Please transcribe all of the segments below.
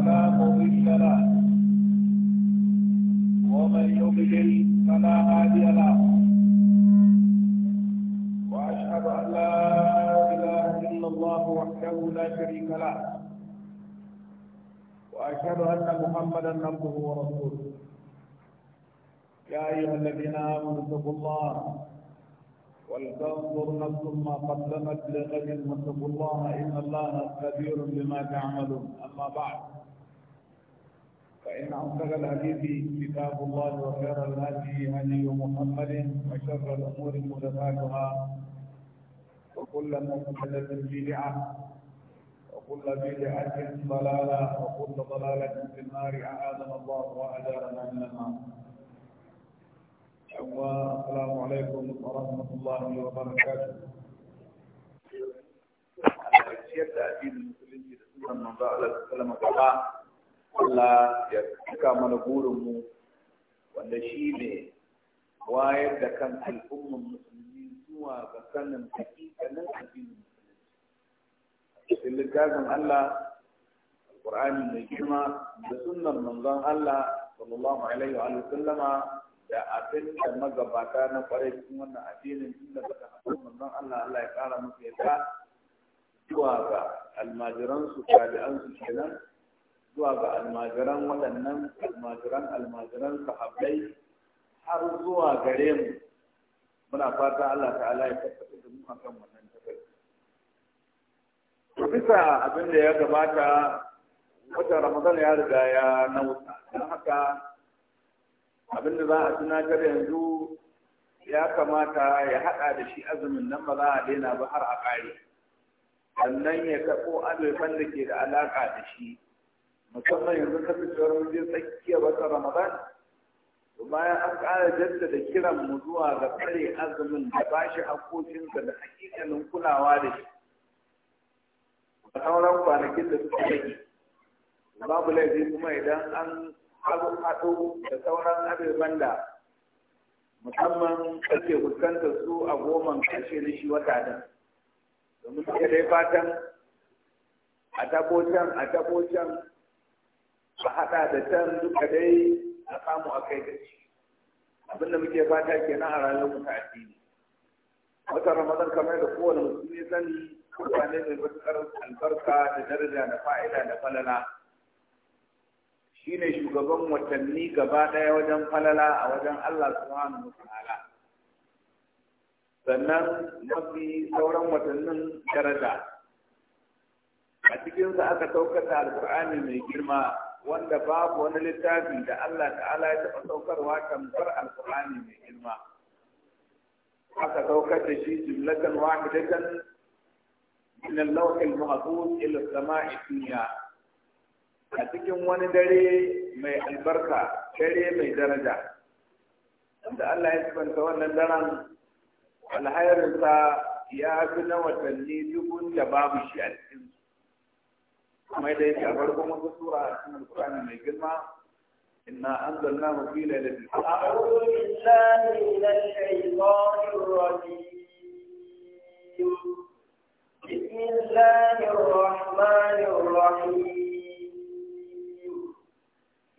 فلا مضل له ومن يضلل فلا هادي له واشهد ان لا اله الا الله وحده لا شريك له واشهد ان محمدا عبده ورسوله يا ايها الذين امنوا اتقوا الله ولتنظر نفس ما قدمت لغد واتقوا الله ان الله خبير بما تعملون اما بعد فإن أصدق الحديث كتاب الله وخير الهدي هدي محمد وشر الأمور محدثاتها وكل محدثة بدعة وكل بدعة ضلالة وكل ضلالة في النار أعاذنا الله وأجارنا من النار السلام عليكم ورحمة الله وبركاته يبدأ دين المسلمين بسم الله الرحمن الرحيم Allah ya cika mana burinmu wanda shi ne wayar da kan al'ummar musulmi zuwa ga sanin hakikanin addinin musulmi. Cikin littafin Allah, Al-Qur'ani mai girma da sunnan manzon Allah sallallahu alaihi wa sallama da abin da magabata na kwarai cikin wannan addinin tun suka haɗu manzon Allah Allah ya ƙara musu yadda zuwa ga almajiransu, tabi'ansu kenan zuwa ga almajiran waɗannan almajiran almajiran sahabbai har zuwa gare mu muna fata Allah ta'ala ya tabbata da mu akan wannan tabbata to bisa abin da ya gabata wata Ramadan ya riga ya nauta don haka abin da za a tunatar yanzu ya kamata ya haɗa da shi azumin nan ba za a daina ba har a ƙare sannan ya taɓo azurfan da ke da alaƙa da shi musamman yanzu fito mun wajen tsakiya wata ramadan bayan an ƙara jaddada kiran mu zuwa ga tsare azumin da ba shi hakokinsa da hakikanin kulawa da shi a sauran kwanakin da suka rage babu laifi kuma idan an haɗu da sauran abubuwan da musamman kake fuskantar su a goman ƙarshe na shi wata da domin dai fatan a tabo a tabo a haɗa da can duka dai a samu a kai da shi abin da muke fata ke a rayuwar mu ta addini wata ramadan kamar da kowane musulmi sani mutane mai matuƙar albarka da daraja da fa'ida da falala shine shugaban watanni gaba ɗaya wajen falala a wajen Allah subhanahu wa ta'ala sannan mafi sauran watannin daraja a cikinsa aka saukata alkur'ani mai girma wanda babu wani littafi da Allah ta'ala ya taɓa saukarwa tamfar alƙur'ani mai girma aka saukar da shi jumlatan wahidatan min al-lawh al-mahfuz ila as-sama'i dunya a cikin wani dare mai albarka dare mai daraja wanda Allah ya tsanta wannan daren alhairinsa ya fi na watanni dubun da babu shi a cikinsu kamar da yake a farkon wata sura a cikin alkur'ani mai girma inna anzalnahu fi lailatul qadr a'udhu billahi minash shaitanir rajim بسم الله الرحمن الرحيم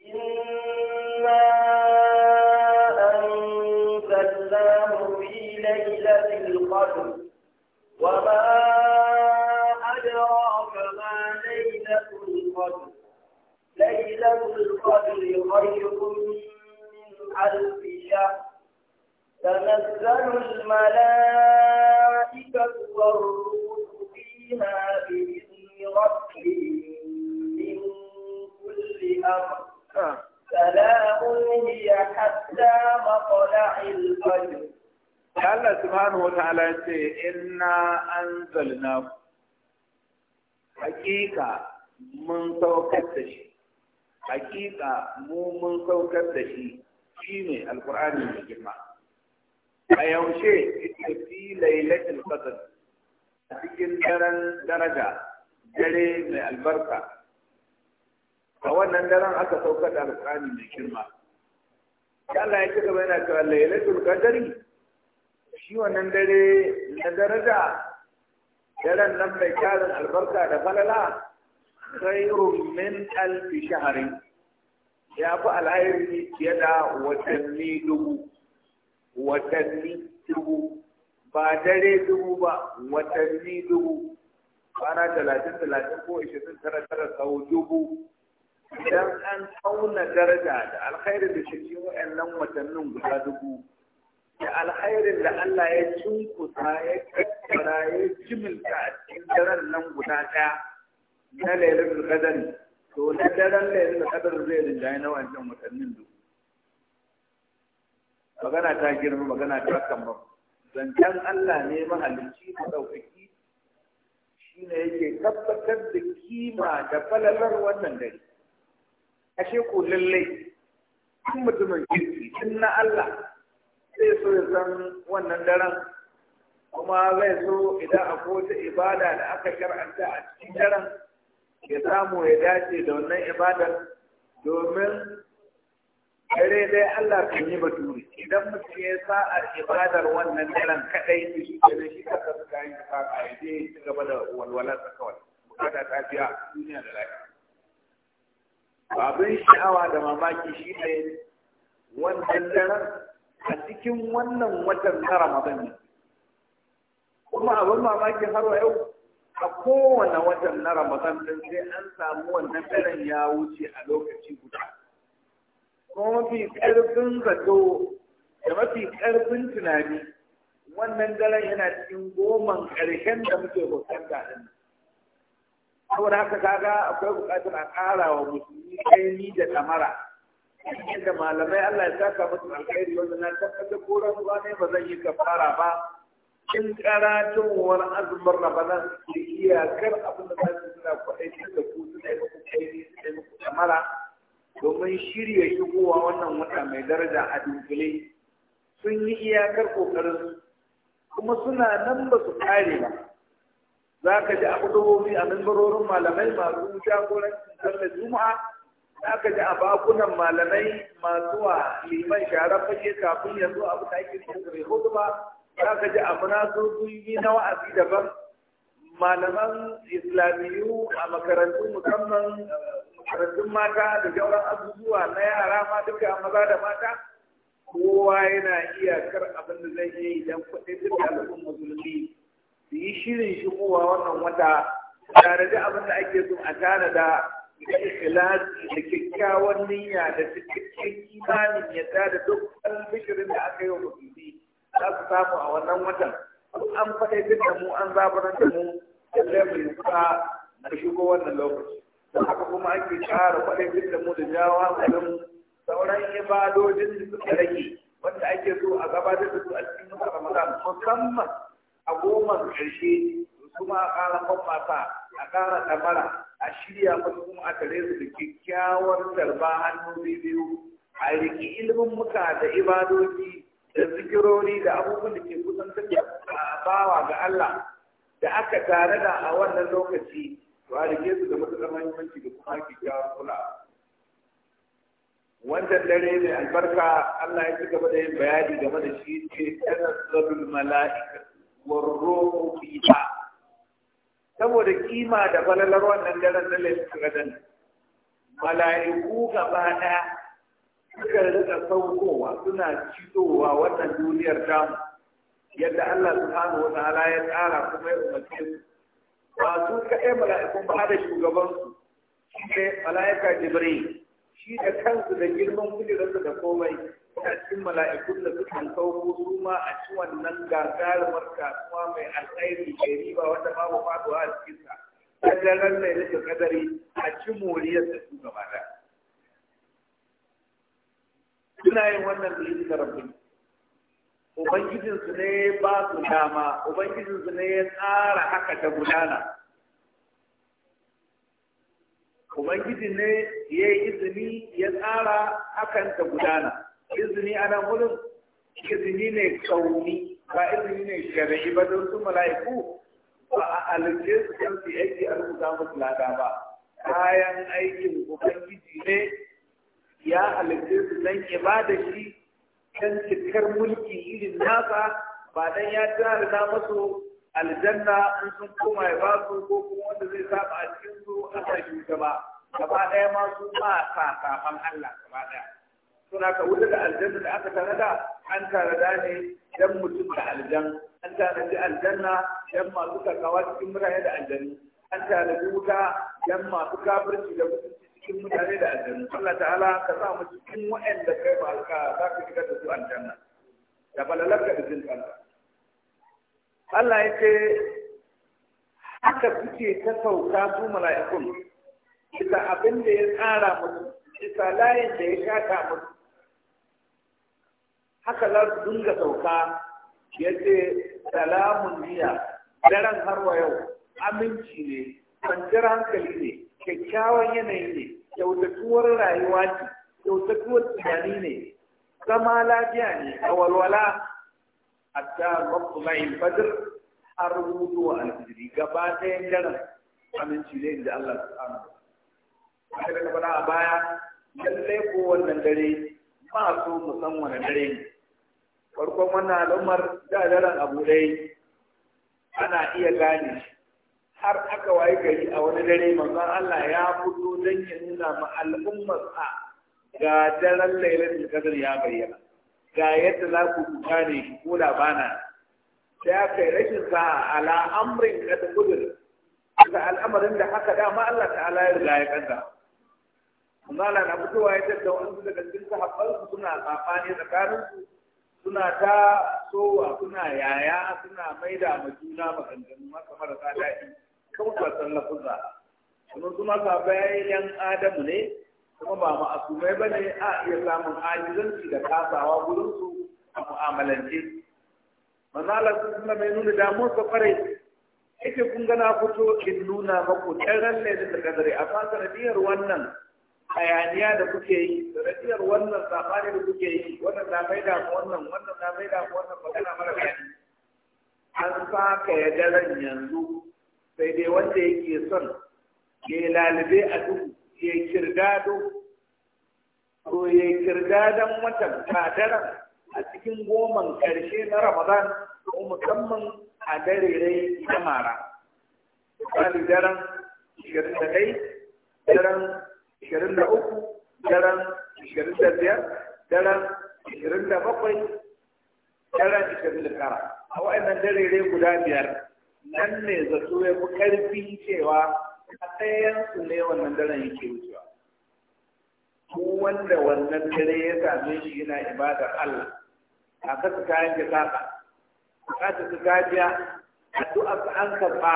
إنا أنزلناه في ليلة القدر وما ليلة القدر خير من ألف شهر تنزل الملائكة والروح فيها بإذن ربهم من كل أمر سلام هي حتى مطلع الفجر Allah subhanahu wa ta'ala ya ce, Inna an zalna mun saukar da shi, hakika mu mun saukar da shi shi ne alkur'ani mai girma a yaushe ita fi lailatul qadr a cikin daren daraja dare mai albarka a wannan daren aka saukar da alkur'ani mai girma Allah ya ci gaba yana cewa lailatul qadri shi wannan dare na daraja daren nan mai karin albarka da falala khairun min alfi shahari ya fi alhairi fiye da watanni dubu watanni dubu ba dare dubu ba watanni dubu kwana talatin talatin ko ishirin tara tara sau dubu idan an tauna daraja da alkhairin da shi nan watannin guda dubu da alkhairin da Allah ya cinkusa ya kakkara ya jimilta a cikin daren nan guda ɗaya na lailatul qadari to na daren lailatul kadar zai rinjaye na wancan watannin duk magana ta girma magana ta kamba zancen Allah ne mahalicci da ɗaukaki shi ne yake tabbatar da kima da falalar wannan dare ashe ko lallai in mutumin kirki in na Allah zai so ya san wannan daren kuma zai so idan akwai wata ibada da aka shar'anta a cikin daren ya samu ya dace da wannan ibadar domin dare dai Allah kan yi baturi idan mutum ya sa'ar ibadar wannan daren kadai da shi ke shi ka kasu kayan ka kaka ya je ya ci gaba da walwalar sa kawai bukata ta fiya duniya da lafiya abin sha'awa da mamaki shi ne wannan daren a cikin wannan watan na Ramadan ne kuma abin mamaki har yau a kowane watan na ramadan din sai an samu wannan daren ya wuce a lokaci guda ko mafi karfin zato da mafi karfin tunani wannan daren yana cikin goman karshen da muke da din saboda haka kaga akwai bukatar a ƙara wa musulmi ni da ɗamara da malamai Allah ya saka musu alkhairi wanda na tabbatar ko ruwa ne ba zan yi kafara ba in karatowar azumin ramadan da iyakar abin da za su suna kwaɗaiti da ku su da muku kaini su da muku kamara domin shirya shigowa wannan wata mai daraja a dunkule sun yi iyakar kokarin kuma suna nan ba su kare ba za ka ji abu abubuwobi a mimbarorin malamai masu jagorancin sallar juma'a za ka ji a bakunan malamai masu wa liman sharar fage kafin yanzu abu da ake cikin hudu ba za ka ji a yi na wa'azi daban malaman islamiyu a makarantu musamman makarantun mata da jauran abubuwa na yara ma duka maza da mata kowa yana iya kar abin da zai yi idan kuɗin duk al'ummar musulmi su yi shirin shigowa wannan wata tare da abin da ake so a tare da ikhlasi da kyakkyawan niyya da cikakken imanin yadda da duk albishirin da aka yi wa musulmi za su samu a wannan watan an faɗaitar da mu an zaburar da mu da mu yi kusa mu shigo wannan lokaci da haka kuma ake ƙara faɗaitar da mu da jawa mu sauran ibadojin da suka rage wanda ake so a gabatar da su a cikin wata ramadan musamman a goma ƙarshe kuma a ƙara kwammata a ƙara ɗamara a shirya musu kuma a tare su da kyakkyawar tarba hannu biyu a riƙi ilimin muka da ibadoji da zikirori da abubuwan da ke kusantar da bawa ga Allah da aka tare da a wannan lokaci to a rike su da matuƙar mahimmanci da kuma kyakkyawar kula wannan dare mai albarka Allah ya ci gaba da yin bayani game da shi ce tanazzalul mala'ika ruhu fiha saboda kima da falalar wannan daren na laifukan mala'iku gaba ɗaya suka rika saukowa suna citowa wannan duniyar tamu yadda Allah subhanahu wata'ala ya tsara kuma ya umarce su ba su mala'ikun ba da su, shi ne mala'ika jibril shi da kansu da girman kujerarsa da komai suna cikin mala'ikun da suka sauko su ma a ci wannan gagarumar kasuwa mai alkhairi mai riba wanda babu faduwa a cikinsa kadaran ne da kadari a cikin moriyar da su gaba suna yin wannan da yake rabbi ubangijinsu ne ba su dama ubangijinsu ne ya tsara haka ta gudana ubangiji ne ya yi izini ya tsara hakan ta gudana izini a nan wurin izini ne kauni ba izini ne shari'i ba don su mala'iku ba a alice su kan su aiki a rubuta musu lada ba kayan aikin ubangiji ne ya halitta su ba da shi kan cikar mulki irin nasa ba dan ya na masu aljanna in sun koma ya ba su ko kuma wanda zai saba a cikin su a sarki ta ba gaba ɗaya ma su ba sa safan Allah gaba ɗaya suna ka wuce da aljanna da aka tanada an tanada ne dan mutum da aljan an tanadi aljanna dan masu takawa cikin mutane da aljanu an tanadi wuta dan masu kafirci da mutunci cikin mutane da aljanu Allah ta'ala ka sa mu cikin wa'anda kai ba ka za ka shiga da su aljanna da balalar da jin kanka Allah ya ce haka kuke ta sauka su mala'ikun bisa abin da ya tsara musu bisa layin da ya shata musu haka za su dinga sauka ya ce salamun jiya daren har wa yau aminci ne kwanciyar hankali ne kyakkyawan yanayi ne kyautatuwar rayuwa ce kyautatuwar tunani ne zama lafiya ne a walwala hatta mabulayin fadr a rubutu wa alfijiri gaba ɗayan daren aminci ne da Allah subhanahu A ta'ala da a baya lalle ko wannan dare ba so musamman dare ne farkon wannan al'ummar da daren abu ɗaya ana iya gane shi har aka waye gari a wani dare manzon Allah ya fito dan ya nuna ma al'ummar sa ga daren lailatul qadr ya bayyana ga yadda za ku gane ko da bana sai aka yi rashin ala amrin kad qudur al'amarin da haka dama Allah ta'ala ya riga ya kanta kuma Allah na fitowa ya tattau an su daga cikin sahabban su suna tsafani tsakaninsu, suna ta sowa suna yaya suna maida ma juna maganganu maka marasa daɗi kawtasan lafuzza kuma kuma ka bayan adamu ne kuma ba Asumai ba ne a iya samun ajizanci da kasawa gurinsu a mu'amalance manala su suna mai nuna damuwar sa kwarai yake kun gana fito in nuna maku ɗan ne da kadare a fa diyar wannan hayaniya da kuke yi Da sanadiyar wannan sabani da kuke yi wannan na mai da wannan wannan na mai da wannan magana mara gani an sa ya daren yanzu sai dai wanda yake son ya lalibe a duhu ya kirgado to ya kirgadan watan kadaran a cikin goman karshe na ramadan ko musamman a dare rai na mara misali daren shirin da ɗai daren shirin da uku daren shirin da biyar daren shirin da bakwai daren shirin da tara a wa'annan dare rai guda biyar nan ne zato ya fi ƙarfi cewa a tsayensu ne wannan daren yake wucewa ko wanda wannan dare ya same shi yana ibada Allah a kasa kayan da saka a kasa ta gajiya addu'a su an karɓa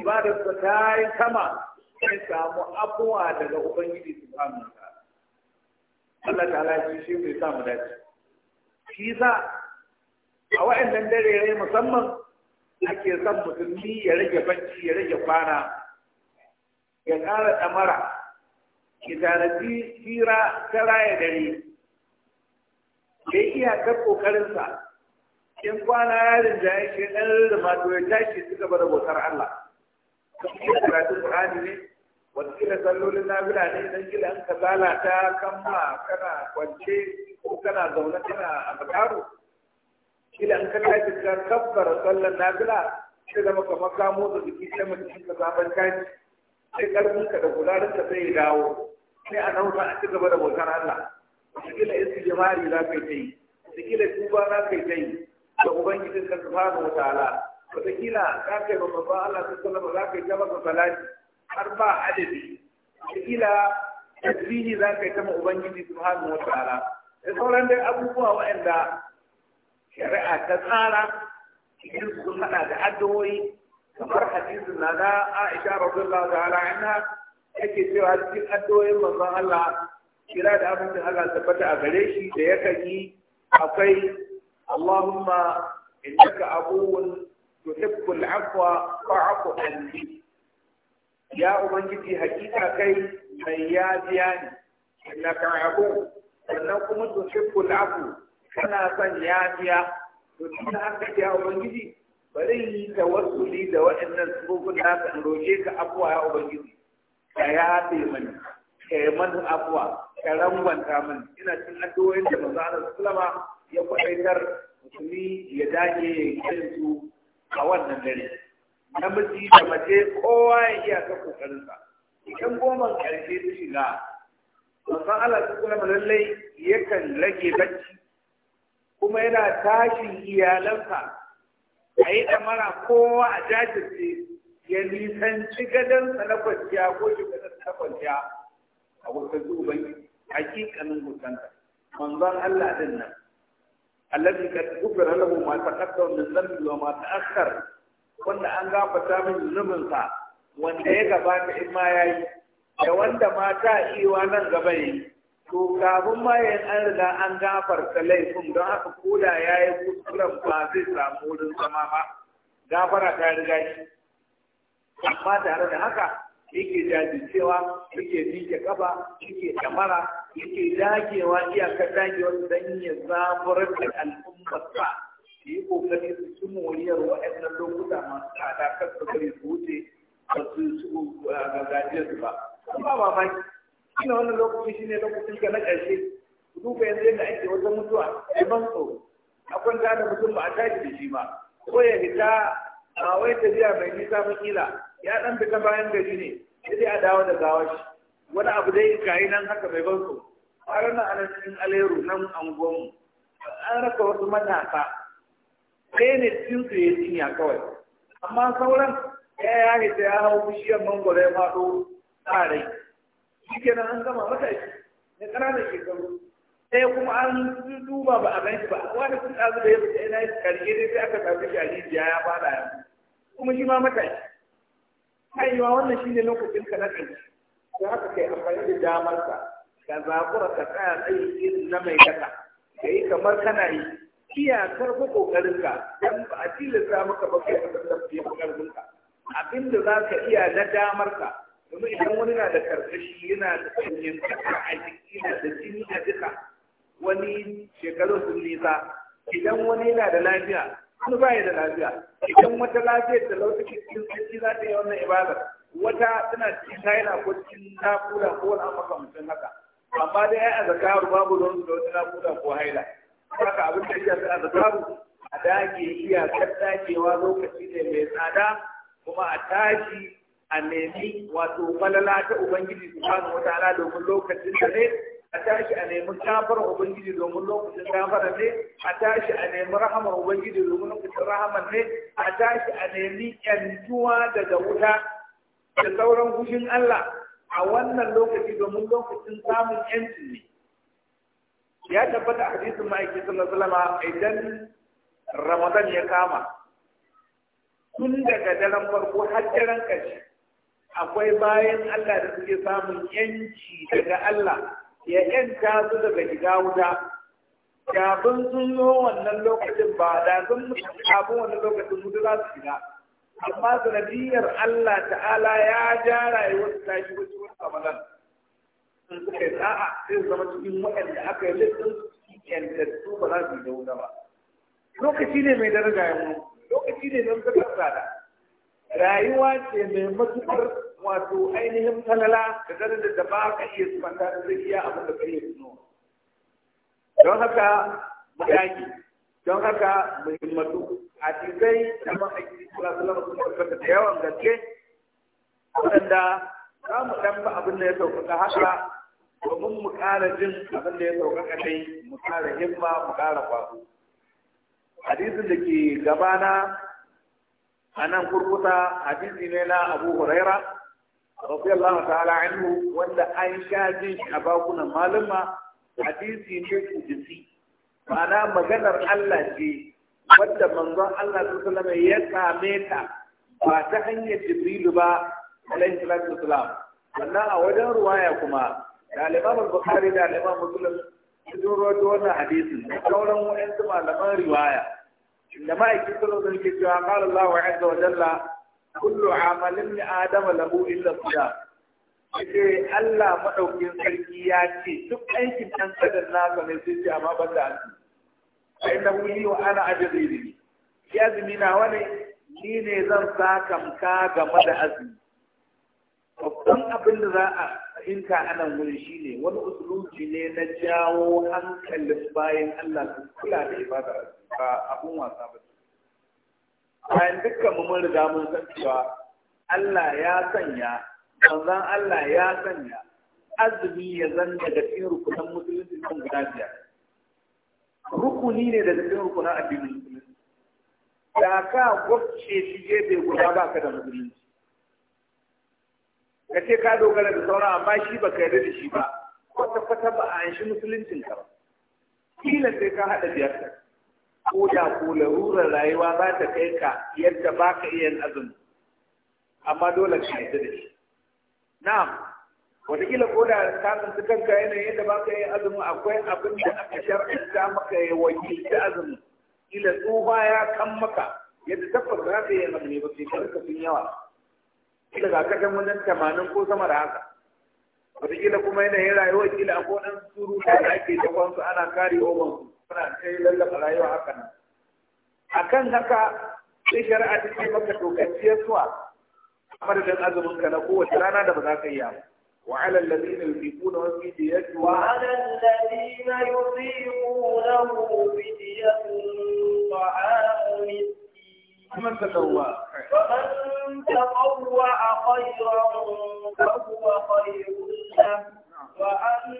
ibada ta ta yi sama sai samu abuwa daga ubangiji su samu ta. Allah ta ala shi mai samun dace shi sa a wa'annan dare musamman ake son musulmi ya rage bacci ya rage kwana ya ƙara ɗamara ki tanaji tsira ta raya dare ya yi iyakar ƙoƙarinsa in kwana yarin ya ke ɗan rurrufa to ya tashi su gaba da bautar Allah yi karatun Qur'ani ne wataƙila sallolin na ne don kila an ka ta kama kana kwance ko kana zaune kana a bakaru kila in ka ta ka kabbara sallan nafila sai zama kamar ka da jiki sai mutum ka zaɓar kai sai karfin ka da kularin ka sai ya dawo sai a nauta a ci gaba da bautar Allah kila isi jama'i za ka yi ta yi kila tuba za ka yi ta yi da ubangijin ka subhanahu wa ta'ala wataƙila za ka yi Allah babban Allah ba za ka yi ta maka salati har ba adadi wataƙila tasbihi za ka yi ta ma ubangiji subhanahu wa ta'ala da sauran dai abubuwa waɗanda shari'a ta tsara cikin sun hada da addu'o'i kamar hadisin na da Aisha radiyallahu ta'ala anha yake cewa cikin addu'o'in manzon Allah kira da abin da Allah tabbata a gare shi da ya kaji akwai Allahumma innaka abuwun tuhibbu al-afwa fa'fu anni ya ubangiji hakika kai mai yafiya ne innaka abu sannan kuma tuhibbu al-afwa kana son yafiya to ni da haka ya ubangiji bari yi tawassuli da waɗannan sufofin da haka in roƙe ka abuwa ya ubangiji ka yafe mani ka yi mani afuwa ka rangwanta mani ina cin addu'o'in da manzo Allah sallama ya kwaɗaitar musulmi ya dage ya yi su a wannan dare namiji da mace kowa ya iya ta kokarinsa idan goma karshe ta shiga manzo Allah sallama lallai yakan rage bacci kuma yana tashin iyalansa a yi ɗamara kowa a jajirce ya nisanci gadonsa na kwanciya ko shi gadonsa na kwanciya a wasanzu zuban hakikanin hukunta manzon Allah din nan allazi ka kufira lahu ma taqaddama min dhanbi wa ma ta'akhkhar wanda an gafata min zunubin sa wanda ya gabata in ma yayi da wanda ma ta iwa nan gaba yi to kafin ma yin an riga an gafarta laifin don haka koda ya yi kuskuren ba zai samu wurin zama ba gafara ta riga shi amma tare da haka yake jajircewa yake miƙe kafa yake kamara yake dagewa iyakar dagewa don ya zaburar da al'ummarsa su yi kokari su ci moriyar waɗannan lokuta masu tsada kan su kare su wuce ba su gajiyar su ba. Ba ba ina wannan lokaci ne lokacin ga na ƙarshe duba yanzu yadda ake wajen mutuwa ya ban tsoro a kwanta da mutum ba a tashi da shi ba ko ya fita a wai tafiya mai nisa kila ya dan fita bayan gari ne sai a dawo da shi wani abu dai kayi nan haka mai ban tsoro a ranar ana cikin aleru nan anguwanmu an raka wasu matasa ɗaya ne cikin su ya jinya kawai amma sauran ya yi ya hau bishiyar mangoro ya faɗo tsarai shi kenan an gama mata matashi na ƙananan shekaru ɗaya kuma an duba ba a ganshi ba wani sun ɗazu da ya fita yana yi ƙarshe dai sai aka sami shi a rijiya ya fada ya kuma shi ma matashi haiwa wannan shi ne lokacin ka na ƙarshe don haka kai amfani da damarsa ka zaɓura ka tsaya tsayi irin na mai daka ka yi kamar kana yi iyakar ko ƙoƙarinka don ba a tilasta maka ba kai ka tattafi ƙarfinka abinda za ka iya na damarka kuma idan wani na da karkashi yana da sanyin kasa a jiki na da jini a jika wani shekaru sun nisa idan wani yana da lafiya wani baya da lafiya idan wata lafiya da lokacin cikin sarki za ta yi wannan ibadar wata tana cikin kaina ko cikin nakuda ko wani amma kamcin haka amma dai ai azkaru babu don su da wata nakuda ko haila haka abin da ya sa azkaru a dage iyakar dagewa lokaci ne mai tsada kuma a tashi a nemi wato falala ta ubangiji subhanahu ala domin lokacin da ne a tashi a nemi kafar ubangiji domin lokacin kafara ne a tashi a nemi rahamar ubangiji domin lokacin rahamar ne a tashi a nemi yantuwa daga wuta da sauran fushin Allah a wannan lokaci domin lokacin samun yanci ne ya tabbata a hadisin ma'aiki sallallahu alaihi idan ramadan ya kama tun daga daren farko har daren ƙarshe akwai bayan Allah da suke samun yanci daga Allah ya yanta su daga shiga wuta kafin sun zo wannan lokacin ba da sun mutu kafin wannan lokacin mutu za su shiga amma sanadiyar Allah ta'ala ya ja rayuwar ta shi wasu wasu amalan sun suka yi sa'a sai zama cikin waɗanda aka yi lissin yantattu ba za su yi da wuta ba lokaci ne mai daraja yi mu lokaci ne don suka tsada rayuwa ce mai matuƙar wato ainihin falala da darajar da ba ka iya sumanta da zai iya abin da ka iya tuno don haka mu yaki don haka mu himmatu hadisai da ma'aikata sallallahu sun wasallam da yawan gaske waɗanda za mu ɗan abin da ya sauƙaƙa haka domin mu ƙara jin abin da ya sauƙaƙa dai mu ƙara himma mu ƙara kwazo hadisin da ke gabana a nan kurkusa hadisi ne na abu huraira radiyallahu ta'ala anhu wanda an sha jin a bakunan malama hadisi ne kudisi ma'ana maganar Allah ce wadda manzon Allah ta alaihi ya same ta ba ta hanyar Jibrilu ba alaihi salatu wasalam wannan a wajen ruwaya kuma da al-Imam al-Bukhari da al Muslim sun rawaito wannan hadisin da sauran wa'ansu malaman riwaya Inda ma'aikin sallallahu alaihi wasallam ke cewa qala Allahu azza wa jalla kullu amalin li adama lahu illa siyam sai Allah madaukin sarki ya ce duk aikin dan na nasa mai sai amma ban da azumi ai inna li wa ana ajri ne ya zimi na wani ni ne zan sakamka game da azumi babban abin da za a fahimta a nan wurin shi ne wani usuluci ne na jawo hankalin bayan Allah su kula da ibada ba abun wasa ba bayan dukkan mu mun riga mun san cewa Allah ya sanya manzon Allah ya sanya azumi ya zan daga cikin rukunan musulunci kan guda biyar rukuni ne daga cikin rukunan addinin musulunci da ka gwabce shi gefe guda ba ka da musulunci ka ce ka dogara da sauran amma shi ba ka yarda da shi ba kwata-kwata ba a yanshi musuluncin ka ba kila sai ka haɗa biyar ko da ko larurar rayuwa za ta kai ka yadda ba ka iya azumi amma dole ka yadda da shi na'am wataƙila ko da ka tsinci kanka yanayin yadda ba ka iya azumi akwai abin da aka shar'anta maka ya wakilta azumi ila tsufa ya kan maka yadda tabbas za ka iya azumi ba sai ka sun yawa kila ga kadan wajen tamanin ko sama da haka wataƙila kuma yanayin rayuwar kila akwai ɗan suru da ake da ana kare obansu أكن هكا في شرعة في مكة وكتية سوا أمر أن أزم كان قوة لنا إياه وعلى الذين يطيقون في دية وعلى الذين يطيقونه في دية طعام تطوع خيرا فهو خير له وأن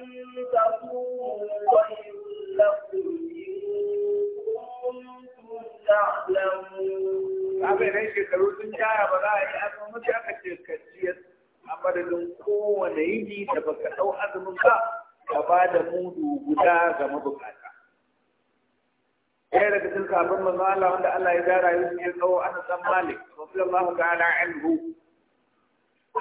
تصوم خير Kafirai shekaru sun jaya ba za a yi azumin da aka ce a madadin kowane yini da baka ɗau azumin ba ka ba da mudu guda ga mabukata. Ɗaya daga cikin kafin manzo Allah wanda Allah ya gara yi ya tsawo ana san Malik, Rasulullahu ta'ala anhu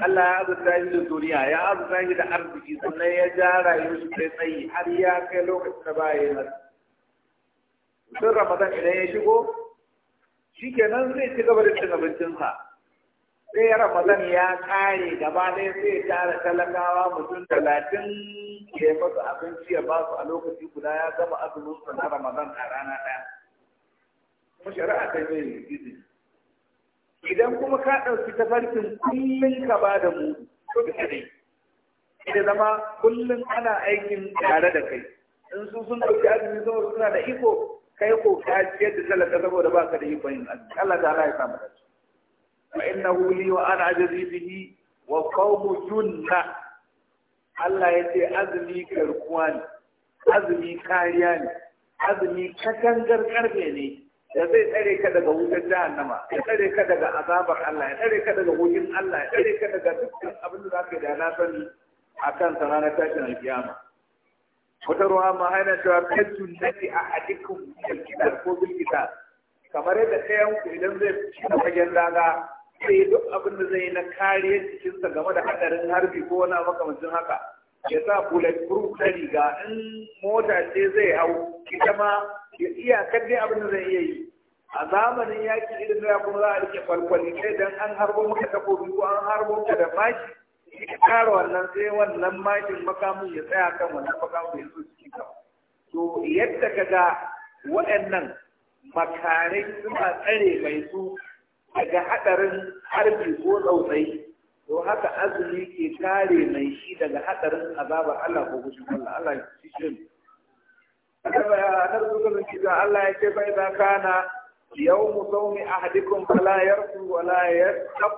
Allah ya azurta shi da duniya ya azurta shi da arziki sannan ya ja rayuwar shi kai tsayi har ya kai lokacin da ba ya sun ramadan idan ya shigo shi kenan zai ci gaba da cin abincinsa sai ramadan ya kare gaba ɗaya sai ya tara talakawa mutum talatin ya masu abinci ya ba su a lokaci guda ya gama azumin na ramadan a rana ɗaya kuma shari'a ta yi izini idan kuma ka ɗauki tafarkin kullum ka ba da mu to da kai ita zama kullum ana aikin tare da kai in su sun ɗauki azumi saboda suna da iko kai ko ka ciyar da talaka saboda ba ka da iko yin azumi Allah ta ya samu da su innahu wa ana ajazi bihi wa qawmu junna Allah ya ce azumi garkuwa ne azumi kariya ne azumi katangar karfe ne da zai tsare ka daga wutar jahannama ya tsare ka daga azabar Allah ya tsare ka daga wujin Allah ya tsare ka daga dukkan abin da zaka da na sani akan sa ranar tashin alkiyama wata ruwa ma haina cewa kajun nati a hadikum bil kitab ko bil kitab kamar yadda ɗayan ku idan zai shiga fagen daga sai duk abin da zai na kariyar jikinsa game da hadarin harbi ko wani makamancin haka ya sa bulletproof na riga in mota ce zai hau ita ma iyakar dai abin da zai iya yi a zamanin yaki irin da kuma za a rike kwalkwali kai dan an harbo maka kofi ko an harbo maka da mashi ka kara wannan sai wannan mashin makamun ya tsaya kan wannan makamun ya zo cikin ka to yadda ka ga waɗannan makarai suna tsare mai su daga hadarin harbi ko tsautsayi to haka azumi ke kare mai shi daga hadarin azabar Allah ko gushin Allah Allah shi annabi annabi sallallahu alaihi wasallam Allah ya ce bai da kana yawmu sawmi ahadikum fala yarfu wala yasab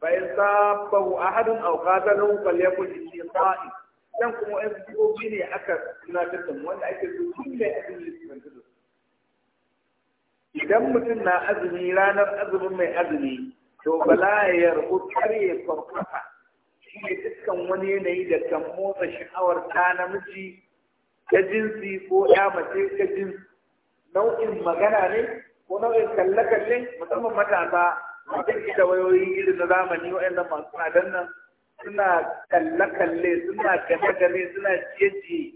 fa in sabahu ahadun aw qatalahu falyakul istiqa'i dan kuma in dubi ne aka tunatar da wanda ake so tun mai azumi ne kan idan mutum na azumi ranar azumin mai azumi to bala ya rubu kare farfafa shi ne dukkan wani yanayi da kan motsa sha'awar ta namiji ta jinsi ko ya mace ta nau'in magana ne ko nau'in kalle-kalle musamman matasa cikin da wayoyi irin na zamani waɗannan masu adan nan suna kalle-kalle suna gane-gane suna ciye-ciye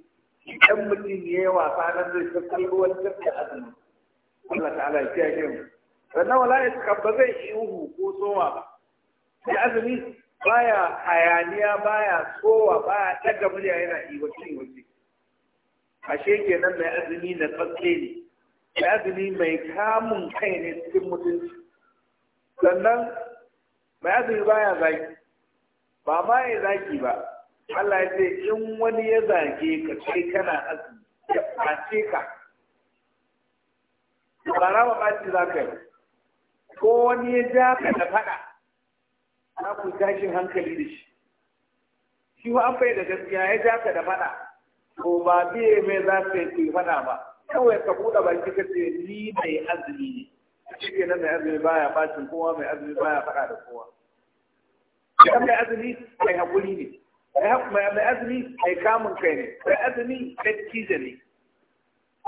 idan mutum ya yi wasa nan zai ta kallo wani azumi Allah ala ya ce mu sannan wala ya ba zai uhu ko tsowa ba sai azumi baya hayaniya baya tsowa baya ɗaga murya yana iwace wacce ashe kenan mai azumi na tsakke ne mai azumi mai kamun kai ne cikin mutunci sannan mai azumi baya zaki ba ma ya zaki ba Allah ya ce in wani ya zage ka kai kana azumi ya ɓace ka ba ba ɓaci za ka yi ko wani ya ja ka da faɗa na ku tashin hankali da shi shi an bai da gaskiya ya ja ka da faɗa to ba biye mai za ka yi mana ba kawai ka buɗe baki ka ce ni mai azumi ne shi nan mai azumi baya bacin kowa mai azumi baya faɗa da kowa idan mai azumi mai haƙuri ne mai azumi mai kamun kai ne mai azumi mai tija ne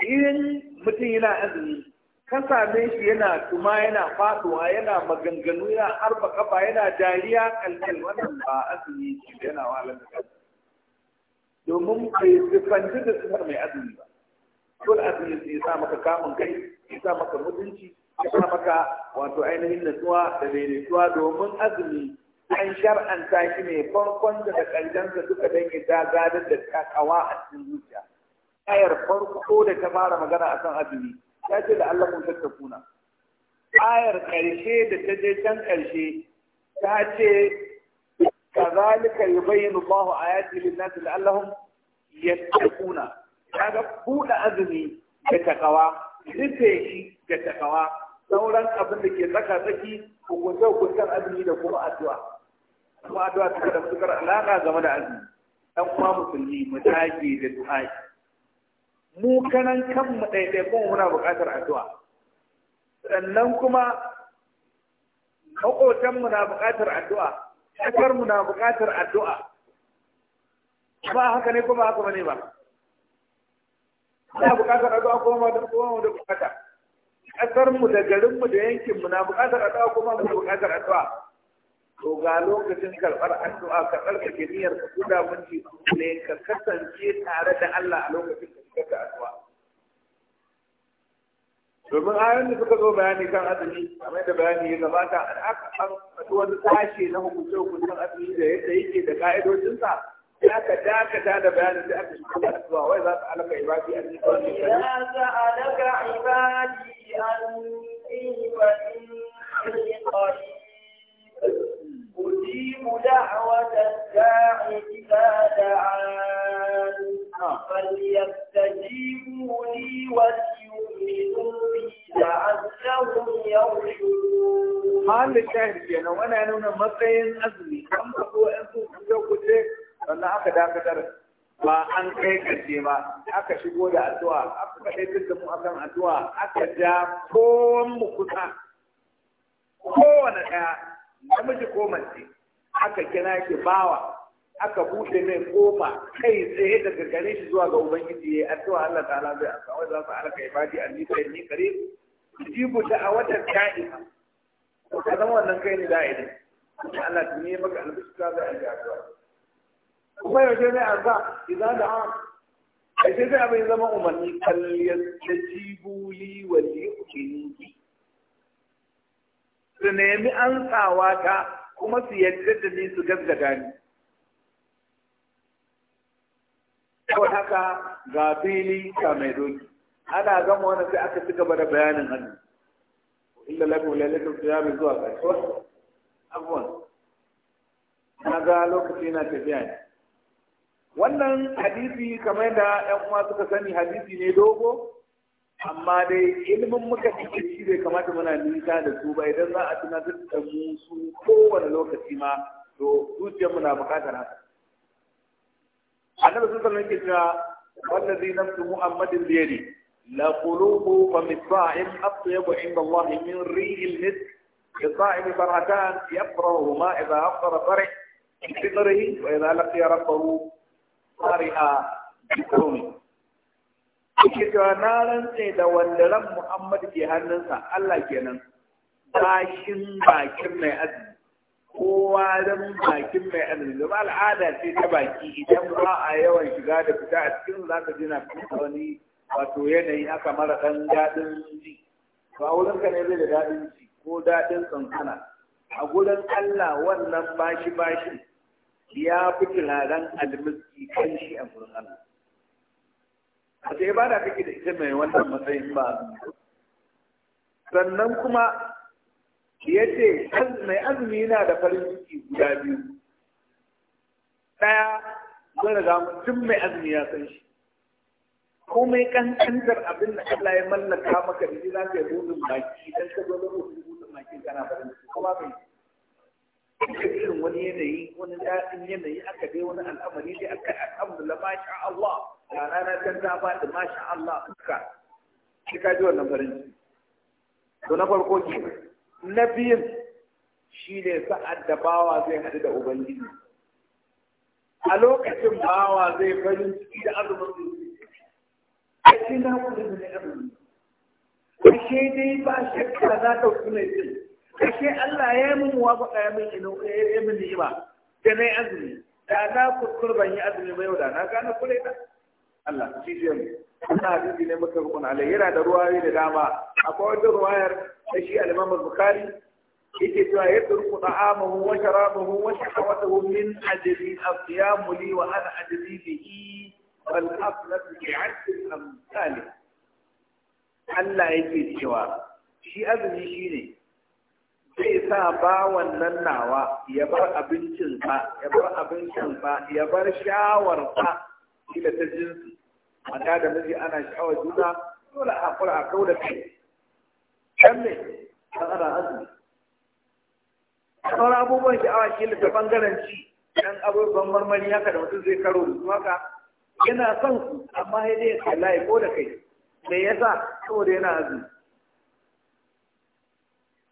in mutum yana azumi ka same shi yana tuma yana faɗuwa yana maganganu yana harba kafa yana dariya kalkal wannan ba azumi yana wahalar da kansa domin bai sifanci da sifar mai azumi ba dole azumi sai ya sa maka kamun kai ya sa maka mutunci ya sa maka wato ainihin natsuwa da daidaituwa domin azumi an shar'anta shi ne farkon da ƙarshensa duka don ya da da takawa a cikin zuciya ayar farko da ta fara magana akan azumi ta ce da Allah mun tattakuna ayar ƙarshe da ta je can ƙarshe ta ce كذلك Ya الله آياته للناس لعلهم يتقون هذا كل أذني يتقوى لتيشي يتقوى sauran abin da ke tsaka tsaki hukunce hukuncen azumi da kuma addu'a kuma addu'a tana da matukar alaƙa game da azumi dan kuma musulmi mu dage da du'a mu kanan kan mu daidai kuma muna buƙatar addu'a sannan kuma maƙotan na buƙatar addu'a kasar mu na buƙatar addu'a ba haka ne ko ba haka bane ba na buƙatar addu'a ko ma da kowa ma da buƙata kasar mu da garin mu da yankin mu na buƙatar addu'a ko ma mu buƙatar addu'a to ga lokacin karɓar addu'a ka tsarkake niyyar ka guda mun ji ne ka kasance tare da Allah a lokacin da kake addu'a domin ayoyin da suka zo bayani kan azumi kamar da bayani ya gabata an aka an wani sashe na hukunce hukuncen azumi da yadda yake da ka'idojinsa sai aka dakata da bayanin da aka shiga da zuwa wai za ka alaka ibadi an yi tsawon ya ka alaka ibadi an yi wa أجيب دعوة الداع إذا دعان فليستجيبوا لي وليؤمنوا halin shahid kenan wani ya nuna matsayin azumi an ka so yan su sannan aka dakatar ba an kai kace ba aka shigo da addu'a aka mu akan aka ja kowan mu kusa kowane ɗaya namiji ko mace aka aka buɗe mai kofa kai tsaye daga gare shi zuwa ga ubangiji ya addu'a Allah ta'ala zai amsa wanda za su alaka ibadi ta a watan ko ka zama wannan kai ne da'i ne Allah ta ne maka albishka za a yi addu'a kuma yaushe ne an za idan da an ai sai sai abin zama umarni kalliyar da jibuli wali ukini su nemi an tsawa ta kuma su yadda da ni su gaggada ni kawai haka ga fili ka mai doki ana gama wani sai aka ci gaba da bayanin hannu illa zuwa ƙarshe abuwan na ga lokaci na tafiya ne wannan hadisi kamar da yan uwa suka sani hadisi ne dogo amma dai ilimin muka cike shi bai kamata muna nisa da su ba idan za a tuna da mu su kowane lokaci ma to zuciyar muna na bukatar haka annabi sun sanar wasallam yake cewa zai nafsu muhammadin biyadi لقلوب فم الصائم أطيب عند الله من ريح المسك للصائم فرحتان يفرهما إذا أفطر فرح بفطره وإذا لقي ربه فرح بكرمه Ake cewa na rantse da wanda ran Muhammad ke hannunsa Allah kenan bashin bakin mai azumi kowa don bakin mai azumi zama al'ada ce ta baki idan ba a yawan shiga da fita a cikin za ka jina fita wani wato yanayi aka mara ɗan daɗin ji ba ka ne zai da daɗin ji ko daɗin tsankana a gurin Allah wannan bashi bashi ya fi turaren almiski kan shi a gurin Allah a sai ba da kake da ita mai wannan matsayin ba sannan kuma ya ce mai azumi yana da farin ciki guda biyu ɗaya zan riga mutum mai azumi ya san shi komai kankantar abin da Allah ya mallaka maka da za ka yi buɗin baki idan ka zo da buɗin maki kana barin su kuma bai duka irin wani yanayi wani daɗin yanayi aka dai wani al'amari dai aka alhamdulillah masha Allah da rana can ta faɗi masha Allah ka shi ka ji wannan farin ciki to na farko ke na biyun shi ne sa'ad da bawa zai haɗu da ubangiji a lokacin bawa zai farin ciki da azumin ashe na kuma da abin ashe dai ba shakka za ta kuma yi ashe Allah ya yi mun wa faɗa ya min ina, ya min ni'ima da na yi azumi da na kuskur ban yi azumi ba yau da na gane kure na Allah shi ce mu wannan hadisi ne muka rukun alai yana da ruwayoyi da dama akwai wata ruwayar da shi al-Imam Bukhari yake cewa ya turku da'amahu wa sharabahu wa shahawatahu min ajli as-siyam li wa ana ajli bihi والحفلة في أمثاله Allah yake cewa shi azumi shi ne zai sa ba wannan nawa ya bar abincin ba ya bar abincin ba ya bar shawar ba kila ta jinsi mata da miji ana shawar juna dole a kula a kau da kai kan ne dan ana azumi sauran abubuwan sha'awa kila ta bangaren ci dan abubuwan marmari haka da mutum zai karo da su haka yana son su amma ya kalla ya ko da kai me yasa saboda yana azumi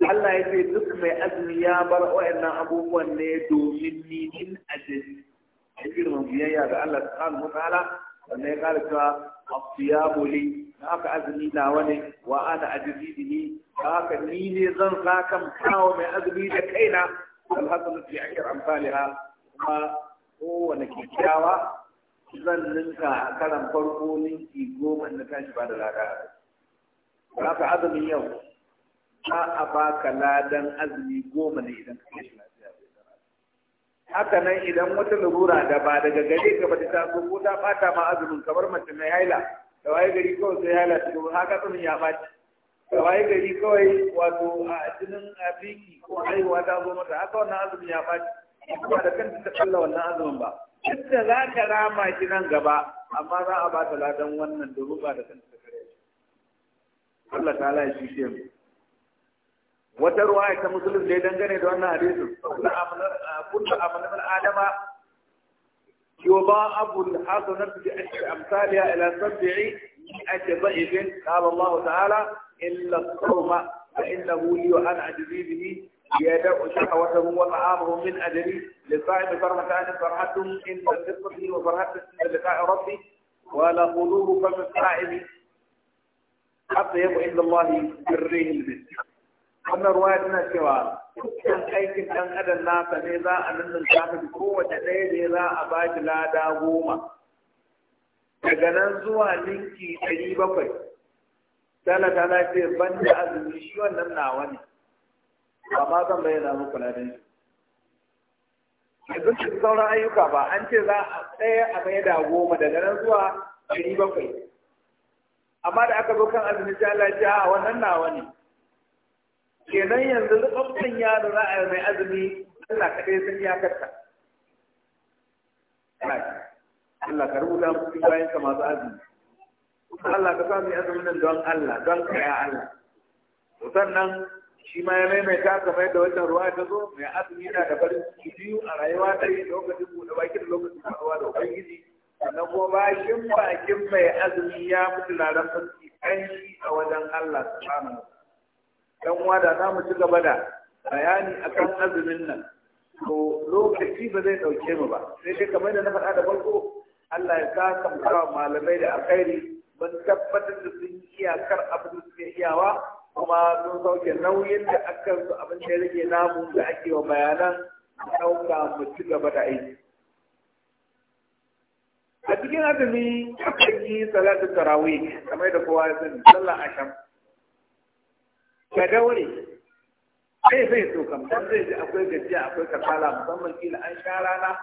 Allah ya ce duk mai azumi ya bar wa'annan abubuwan ne domin ni in ajali ya girma biyayya ga Allah subhanahu wa ta'ala ya kara cewa asiyamu li da aka azumi na wani? wa ana ajali bihi da haka ni ne zan kan kawo mai azumi da kaina alhasanu fi amfani amsalha kuma kowane kyakkyawa zan ninka a karan farko ninki goma na tashi ba da lada ba ka azumin yau ba a ka ladan azumi goma ne idan ka shi lafiya haka nan idan wata lura da ba daga gare ka ba ta taso ko ta bata ma azumin kamar mace mai haila da waye gari kawai sai haila ta gaba haka tsamin ya baci da waye gari kawai wato a jinin abiki ko haihuwa ta zo mata haka wannan azumin ya baci ba da kanta ta kalla wannan azumin ba yadda za ka rama shi nan gaba amma za a ba ta ladan wannan da ruba da kanta da kare shi Allah ta Allah shi shi wata ruwa ita musulun da ya dangane da wannan hadisin kullu amalan kullu adama yuba abu al-hasan bi ashri amsalia ila sab'i mi'ati dhaifin qala Allah ta'ala illa as-sawma fa innahu li yu'an 'ajibihi يدع شهوته وطعامه من أجلي للصائم فرحتان فرحة عند فطره وفرحة عند لقاء ربه ولغلوه فم الصائم أطيب عند الله كريه المسك wannan ruwa tana cewa dukkan aikin ɗan adam nasa ne za a nan shafi kowace ɗaya ne za a ba shi lada goma daga nan zuwa ninki ɗari bakwai tana ta ce ban da azumi shi wannan nawa ne amma zan bayyana muku na dinsu yanzu cikin sauran ayyuka ba an ce za a tsaye a mai da goma daga nan zuwa ɗari bakwai amma da aka zo kan azumi sai Allah ya a wannan nawa ne kenan yanzu zuɓaɓɓen yaro za a mai azumi Allah kaɗai sun ya karta Allah ka rubuta musu bayan ka masu azumi Allah ka sa mu azumin nan don Allah don kaya Allah sannan shi ma ya maimaita kamar da wannan ruwa ta zo mai azumi yana da farin ciki biyu a rayuwa ta yi lokacin buɗe baki da lokacin faruwa da ubangiji na kuma bakin bakin mai azumi ya fi turaren fuski kanshi a wajen Allah subhanahu dan uwa da za mu ci gaba da bayani akan azumin nan to lokaci ba zai dauke mu ba sai dai kamar da na faɗa da farko Allah ya sa malamai da alkhairi mun tabbatar da sun iyakar abin da suke iyawa kuma sun sauke nauyin da aka su abin da ya rage namu da ake wa bayanan ɗauka mu ci gaba da aiki. A cikin azumi akan yi salatu tarawih kamar da kowa ya sani sallah asham. Ka wani sai sai so kam dan zai ji akwai gajiya akwai kasala musamman kila an sha rana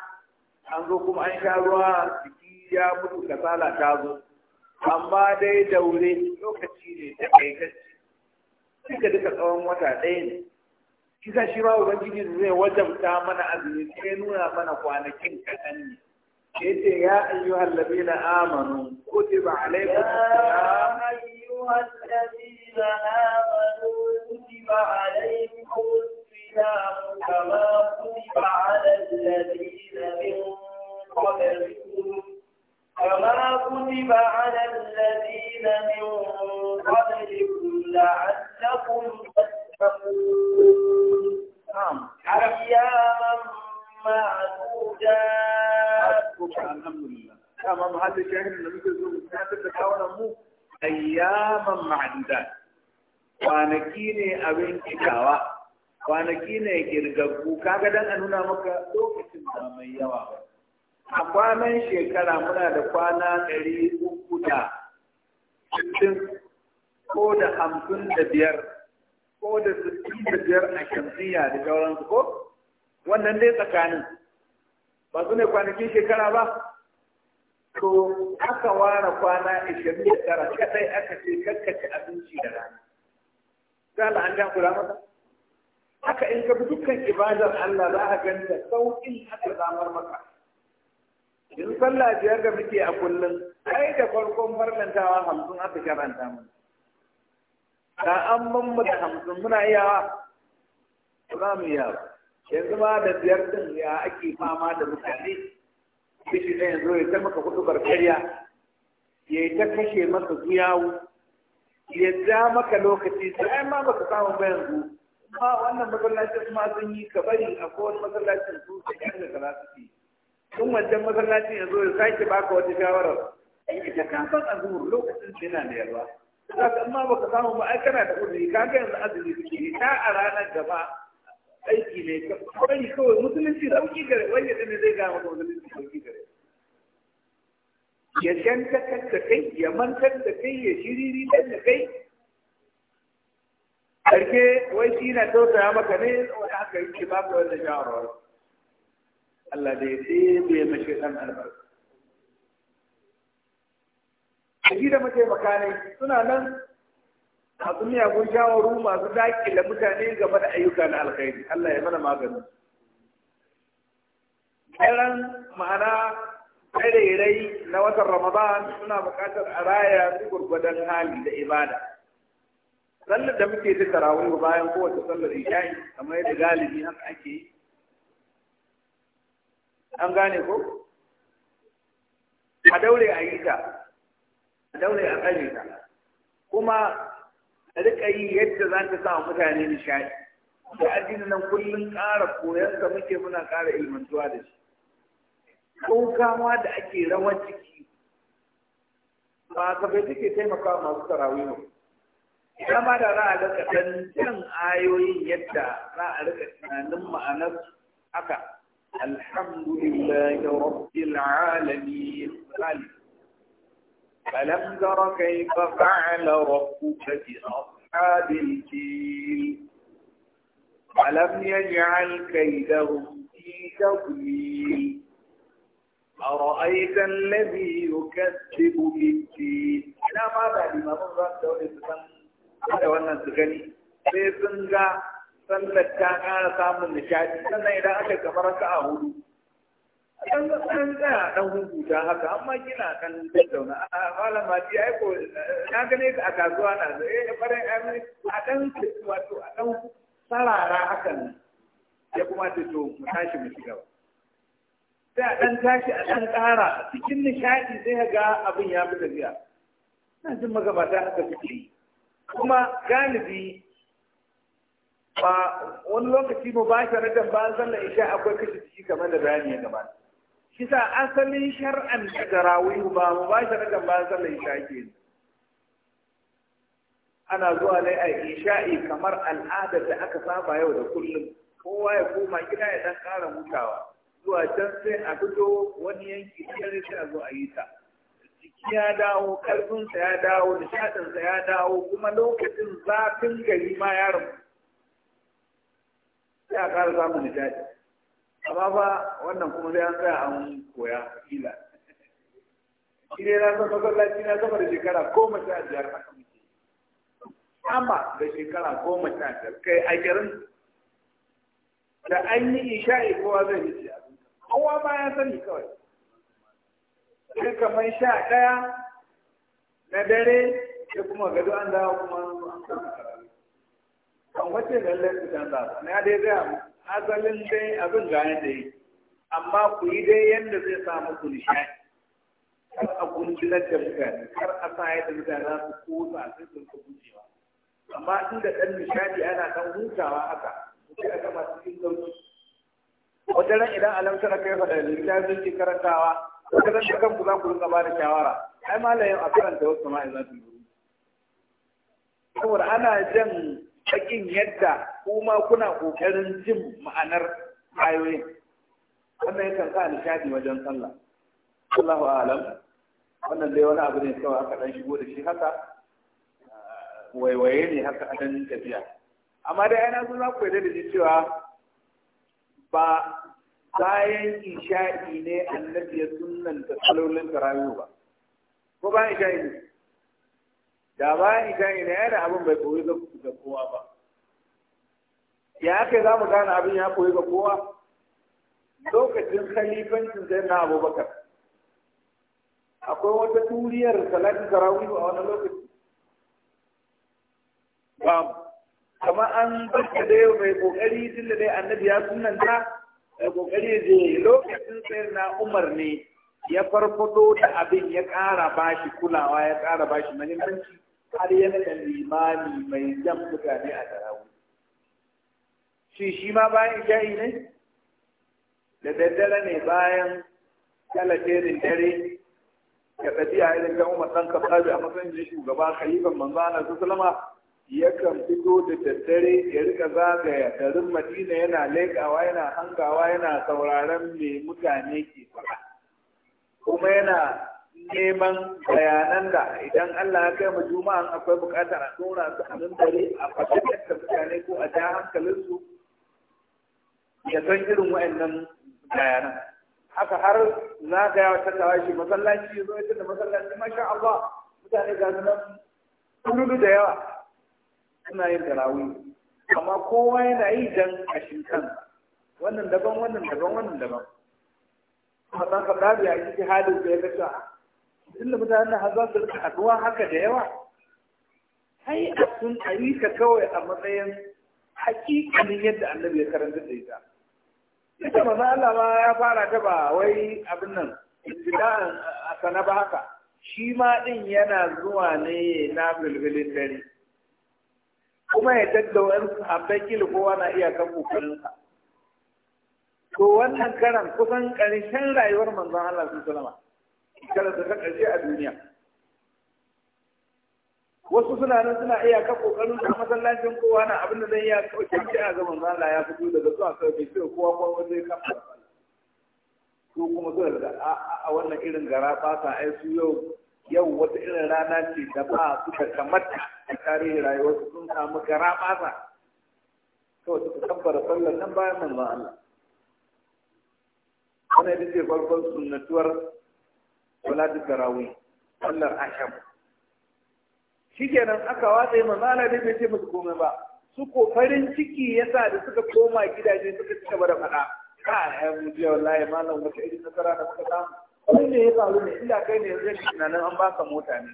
an zo kuma an sha ruwa jiki ya mutu kasala ta zo amma dai daure lokaci ne da kai duka duka tsawon wata ɗaya ne kisa shi ba ubangiji zai wajabta mana azumi sai nuna mana kwanakin kaɗan ne ce ya hallabi na amanu kutiba alaykum أيها الذين آمنوا كما كتب على الذين من قبلكم لعلكم تتقون نعم أياما معدودات الحمد لله كما محل الشاهد النبي صلى الله عليه وسلم ayyaman ma'adudat kwanaki ne abin kitawa kwanaki ne girgaggu kaga dan a nuna maka lokacin da mai yawa ba a kwanan shekara muna da kwana ɗari uku da sittin ko da hamsin da biyar ko da sittin da biyar a shamsiyya da sauransu ko wannan dai tsakanin ba su ne kwanakin shekara ba to aka ware kwana ishirin da tara kadai aka ce kakkace abinci da rana kala an ja kula masa haka in ka bi dukkan ibadar Allah za a ganta sauƙin aka zamar maka in sallah biyar da muke a kullum kai da farkon farlantawa hamsin aka karanta mu da an mu da hamsin muna iyawa za mu iyawa yanzu ma da biyar din ya ake fama da mutane kishi ɗaya zo ya ta kudu barkariya ya yi ta kashe maka zuyawu ya ja maka lokaci sai ma baka samu ba yanzu ma wannan masallacin ma sun yi ka bari a kowane masallacin su da ka za su ثم مثلاً يا زوج سايت باكو تجاور أي كان فان أقول لو كنت جينا نيلوا لكن ما بكتام وما أكنا تقول لي كان كان أدري كذي كا أرانا جبا أي كذي كوي كوي مسلم سير أو كذي كذي وين يتم زي كام هو مسلم سير أو كذي كذي يا جن كان تكين يا من كان تكين يا شريري كان تكين أركي وين تينا تو تعمك نيل وأنا كنت باكو تجاور Allah da ya ɗebe ma ɗan albarka shi da mace makane suna nan masu miyagun shawaru masu dakile mutane game da ayyuka na alkhairi Allah ya mana magani Ɗaran ma'ana tsirrai na watan Ramadan suna buƙatar a raya su gurgudan hali da ibada. Sallar da muke ta tarawih bayan kowace sallar isha'i kamar yadda galibi haka ake yi. an gane ko a daure a yi ta a daure a kare ta kuma rika yi yadda za ta sa mutane nishaɗi da addinin nan kullum ƙara koyon ka muke muna ƙara ilmantuwa da shi kama da ake rawar ciki ba ka bai take taimakawa masu tarawih ba ita ma da za a rika ɗan ayoyin yadda za a rika tunanin ma'anar haka الحمد لله رب العالمين ألم تر كيف فعل ربك بأصحاب الفيل ألم يجعل كيدهم في تضليل أرأيت الذي يكذب بالدين إلى ماذا لمن رد ورزقا هذا وانا سجني sai sun ga sallar ta ƙara samun nishaɗi sannan idan aka kamar ka a hudu dan dan tsaya dan ta haka amma kina kan tattauna a malama ya ai ko na gane a kasuwa na eh farin ai a dan wato a dan sarara hakan ya kuma ta to mu tashi mu shiga sai a dan tashi a dan ƙara cikin nishaɗi sai ga abin ya fi tafiya na jin magabata haka suke kuma galibi ba wani lokaci mu ba shi radan ba sallar isha akwai kashe ciki kamar da bayani ya gabata shi sa asalin shar'an da tarawih ba mu ba shi radan ba sallar isha ke ana zuwa ne a isha'i kamar al'adar da aka saba yau da kullum kowa ya koma gida ya dan kara hutawa zuwa can sai a fito wani yanki sai sai a zo a yi ta jiki ya dawo karfinsa ya dawo nishaɗinsa ya dawo kuma lokacin zafin gari ma ya rabu sai a ƙara samun nishaɗi amma ba wannan kuma sai an tsaya an koya kila shi ne na san masallaci na sama da shekara goma sha biyar haka muke sama da shekara goma sha biyar kai a garin da an yi isha'i kowa zai yi kowa ba ya sani kawai sai kamar sha ɗaya na dare sai kuma gado an dawo kuma an kama kan wace lallai su canza ba na dai gaya asalin dai abin gane da yi amma ku yi dai yadda zai samu muku nishaɗi kar a gundular da mutane kar a sa yadda mutane za su kusa sai su ka gujewa amma inda ɗan nishaɗi ana ɗan hutawa haka sai a gama cikin sauki wata ran idan alamtara kai faɗa littafin ke karantawa wata ran da kanku za ku rinka ba da shawara ai malayin a karanta wasu ma'aikatan saboda ana jan bakin yadda kuma kuna kokarin jin ma'anar ayoyin wannan yakan sa nishadi wajen sallah Allahu alam wannan dai wani abu ne kawai aka dan shigo da shi haka ah, waiwaye ne haka a dan tafiya amma dai ana so za ku da da cewa ba bayan isha'i ne annabi ya sunnanta salolin tarawih ba ko bayan isha'i ne da ba ni isha'i ina yana abin bai koyi ga kowa ba ya aka za mu gane abin ya koyi ga kowa lokacin khalifancin sai na abubakar akwai wata turiyar salatin tarawihu a wani lokaci ba kama an barka da yau mai kokari tun da dai annabi ya sunanta mai kokari je lokacin sai na umar ne ya farfado da abin ya ƙara bashi kulawa ya ƙara bashi muhimmanci har yana limani mai jan mutane a tarawu shi shi ma bayan isha'i ne da daddare ne bayan talaterin dare ya tafiya irin kan umar ɗan kasabi a matsayin shugaba khalifan manzana su salama yakan fito da daddare ya rika zagaya garin madina yana laikawa yana hankawa, yana sauraron me mutane ke faɗa kuma yana neman bayanan da idan Allah ya kai mu juma'an akwai bukatar a dora su a dare a fasikin da mutane ko a ja hankalinsu ya san irin wa'annan bayanan haka har ka wata tawa shi masallaci ya zo ya tunda masallaci masha Allah mutane ga nan kududu da yawa suna yin tarawih amma kowa yana yi dan a shinkan wannan daban wannan daban wannan daban. Masan biya ya yi halin da ya ga inda mutane har za su rika haduwa haka da yawa sai a sun ayyuka kawai a matsayin hakikalin yadda annabi ya karanta da ita ita maza Allah ma ya fara ta ba wai abin nan ibtida'an a sana ba haka shi ma ɗin yana zuwa ne na bilbilin dare kuma ya dadda wani sahabbai kila kowa na iya kan kokarinsa to wannan karan kusan karshen rayuwar manzon Allah sallallahu alaihi wasallam shekarar da ta ƙarshe a duniya wasu suna nan suna iya ka kokarin a masallacin kowa na abin da zan iya shi a zaman zala ya fito daga zuwa kauce bai kowa kowa zai kafa su kuma suna da a wannan irin gara fata ai su yau yau wata irin rana ce da ba su da kamata a rayuwar rayuwarsu sun samu gara fata to su tabbara sallar nan bayan manzo Allah wannan ita ce farkon sunnatuwar salatu tarawih sallar asham shikenan aka watsa yi Allah da bai ce musu komai ba su ko farin ciki yasa da suka koma gidaje suka ci gaba da fada ka ya mutu wallahi malam wata irin nasara da muka samu wani ne ya faru ne inda kai ne yanzu tunanin an baka mota ne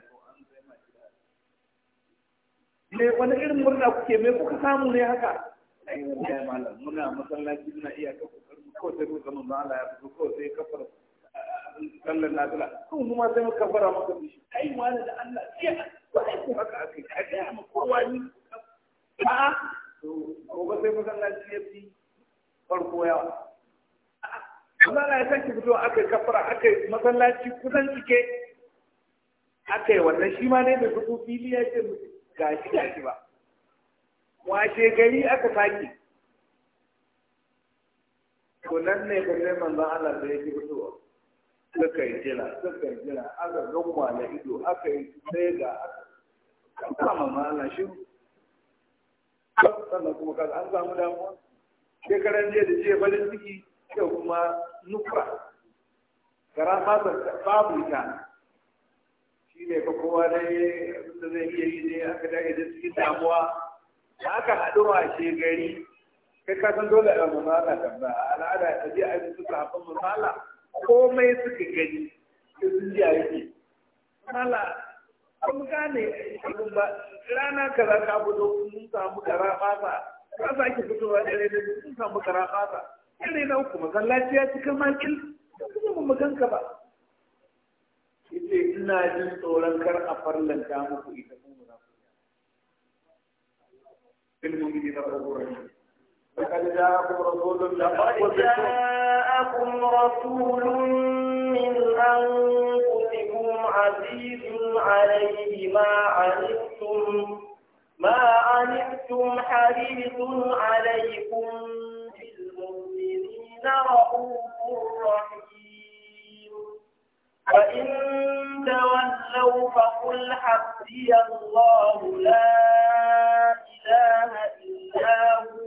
me wani irin murna kuke me kuka samu ne haka ai wallahi malam muna masallaci muna iya ka kokarin ko sai mu zama manzo ya fito ko sai kafara sallar nafila kan kuma sai muka fara maka bishi kai wani da Allah ba ai haka ka ga mu kowa ni a to sai masallaci ya fi farko fito aka kafara aka masallaci kusan cike aka yi wannan shi ma ne da fili ya ce gashi gashi ba washe gari aka sake to nan ne sai manzon Allah da yake fitowa suka yi jira suka yi jira aka gangwa da ido aka yi sai ga aka kama ma'ana shi sannan kuma kaga an samu damuwa shekaran jiya da jiya farin ciki yau kuma nufa kara fasa babu ita shi ne ka kowa dai abinda zai iya yi ne aka dage da cikin damuwa da aka haɗu a shekari. kai ka san dole a mamala tambaya al'ada ta je a yi su sahabban mamala komai suka gani sun ji a yake mala kun gane abin ba rana kaza ka fito mun samu kara fata ka fito fitowa dare da mun samu kara fata dare na uku masallaci ya cika makil kuma mu ka ba yace ina jin tsoron kar a farlanta muku ita kuma na kuma ilmu ne na ƙwarƙwarar لقد جاءكم رسول لقد جاءكم رسول من أنفسكم عزيز عليه ما عنتم ما عنتم حريص عليكم بالمؤمنين رؤوف رحيم فإن تولوا فقل حسبي الله لا إله إلا هو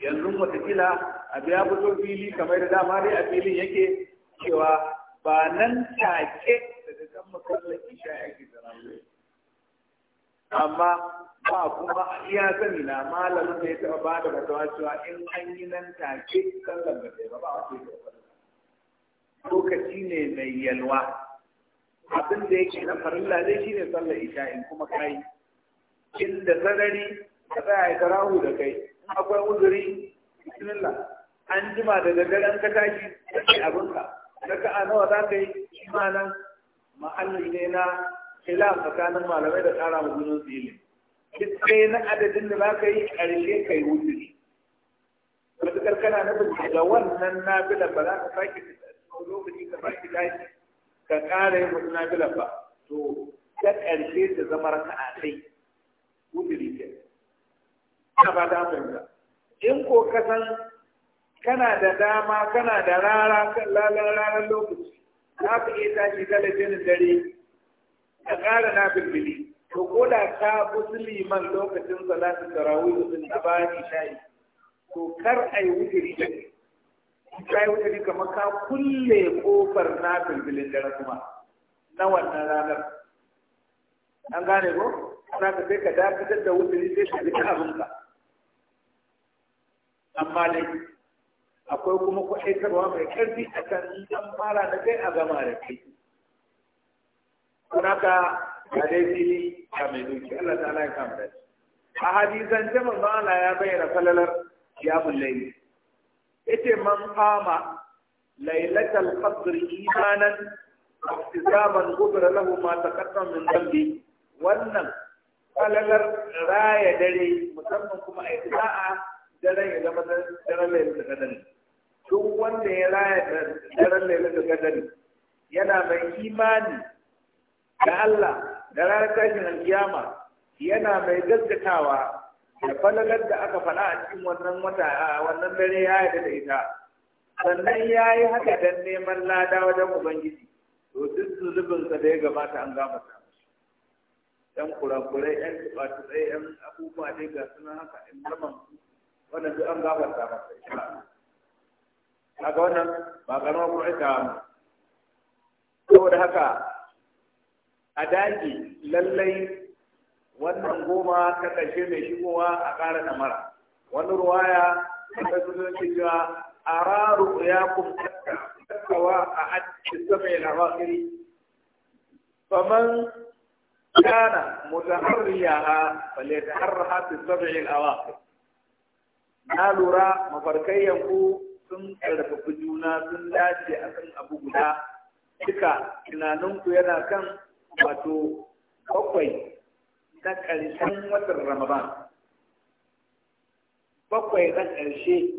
yanzu watakila abu ya fito fili kamar da dama dai a filin yake cewa ba nan take daga kan makallar isha yake amma ba kuma iya sani na malamin da ya taɓa ba da fatawa cewa in an yi nan take kan da ba ba wace da lokaci ne mai yalwa abin da yake na farilla zai shine sallar isha'in kuma kai inda sarari ka tsaya ya da kai akwai uzuri bismillah an jima da daddaren ka tashi kake abinka daga a nawa za ka yi shi ma nan ma'alli ne na kila tsakanin malamai da tsara mu gudun zili ilimi sai na adadin da za ka yi ƙarshe ka yi wuzuri matuƙar kana na bin da wannan nafilan ba za ka sake lokaci ka sake tashi ka ƙara yin wasu nafilan ba to ta ƙarshe ta zama raka'a kai wuzuri kenan ina ba ta fahimta in ko ka san kana da dama kana da rara kan lalan lokaci za ka iya tashi talabijin dare ka ƙara na bilbili to ko da ka man lokacin salatu da rawu da ba ni shayi to kar a yi wuturi da ne ka yi wuturi kamar ka kulle kofar na bilbilin dare kuma na wannan ranar an gane ko ana ka sai ka dakatar da wuturi sai ka abin abinka amma dai akwai kuma kwaɗaitarwa mai ƙarfi a kan an fara da kai a gama da kai kuna ka a dai fili a mai duki Allah ta ala ya kama da shi a hadisan jama ma'ala ya bayyana falalar kiyamun laili yace man fama lailatal qadr imanan ihtisaban ghufira lahu ma taqaddam min dambi wannan falalar raya dare musamman kuma a daren ya zama daren lailatul qadari duk wanda ya raya daren lailatul qadari yana mai imani da Allah da ranar tashin alkiyama yana mai gaskatawa da falalar da aka faɗa a cikin wannan wata wannan dare ya yarda da ita sannan ya yi haka don neman lada wajen ubangiji to duk zubin zunubinsa da ya gabata an gama ta dan kurakurai yan tuba yan abubuwa dai ga suna haka in zaman wannan duk an gafarta masa insha Allah kaga wannan ba ba. mu'ita saboda haka a daji lallai wannan goma ta ƙarshe mai shigowa a ƙara da mara wani ruwaya ta sun cewa a raru ya kuma tattawa a hajji sama yana wakiri faman kana mutaharriya ha falle ta harra hafi sabi'il awaqir na lura mafarkai yanku sun ƙarfafi juna sun dace a kan abu guda duka tunaninku yana kan wato bakwai na ƙarshen watan ramadan bakwai na ƙarshe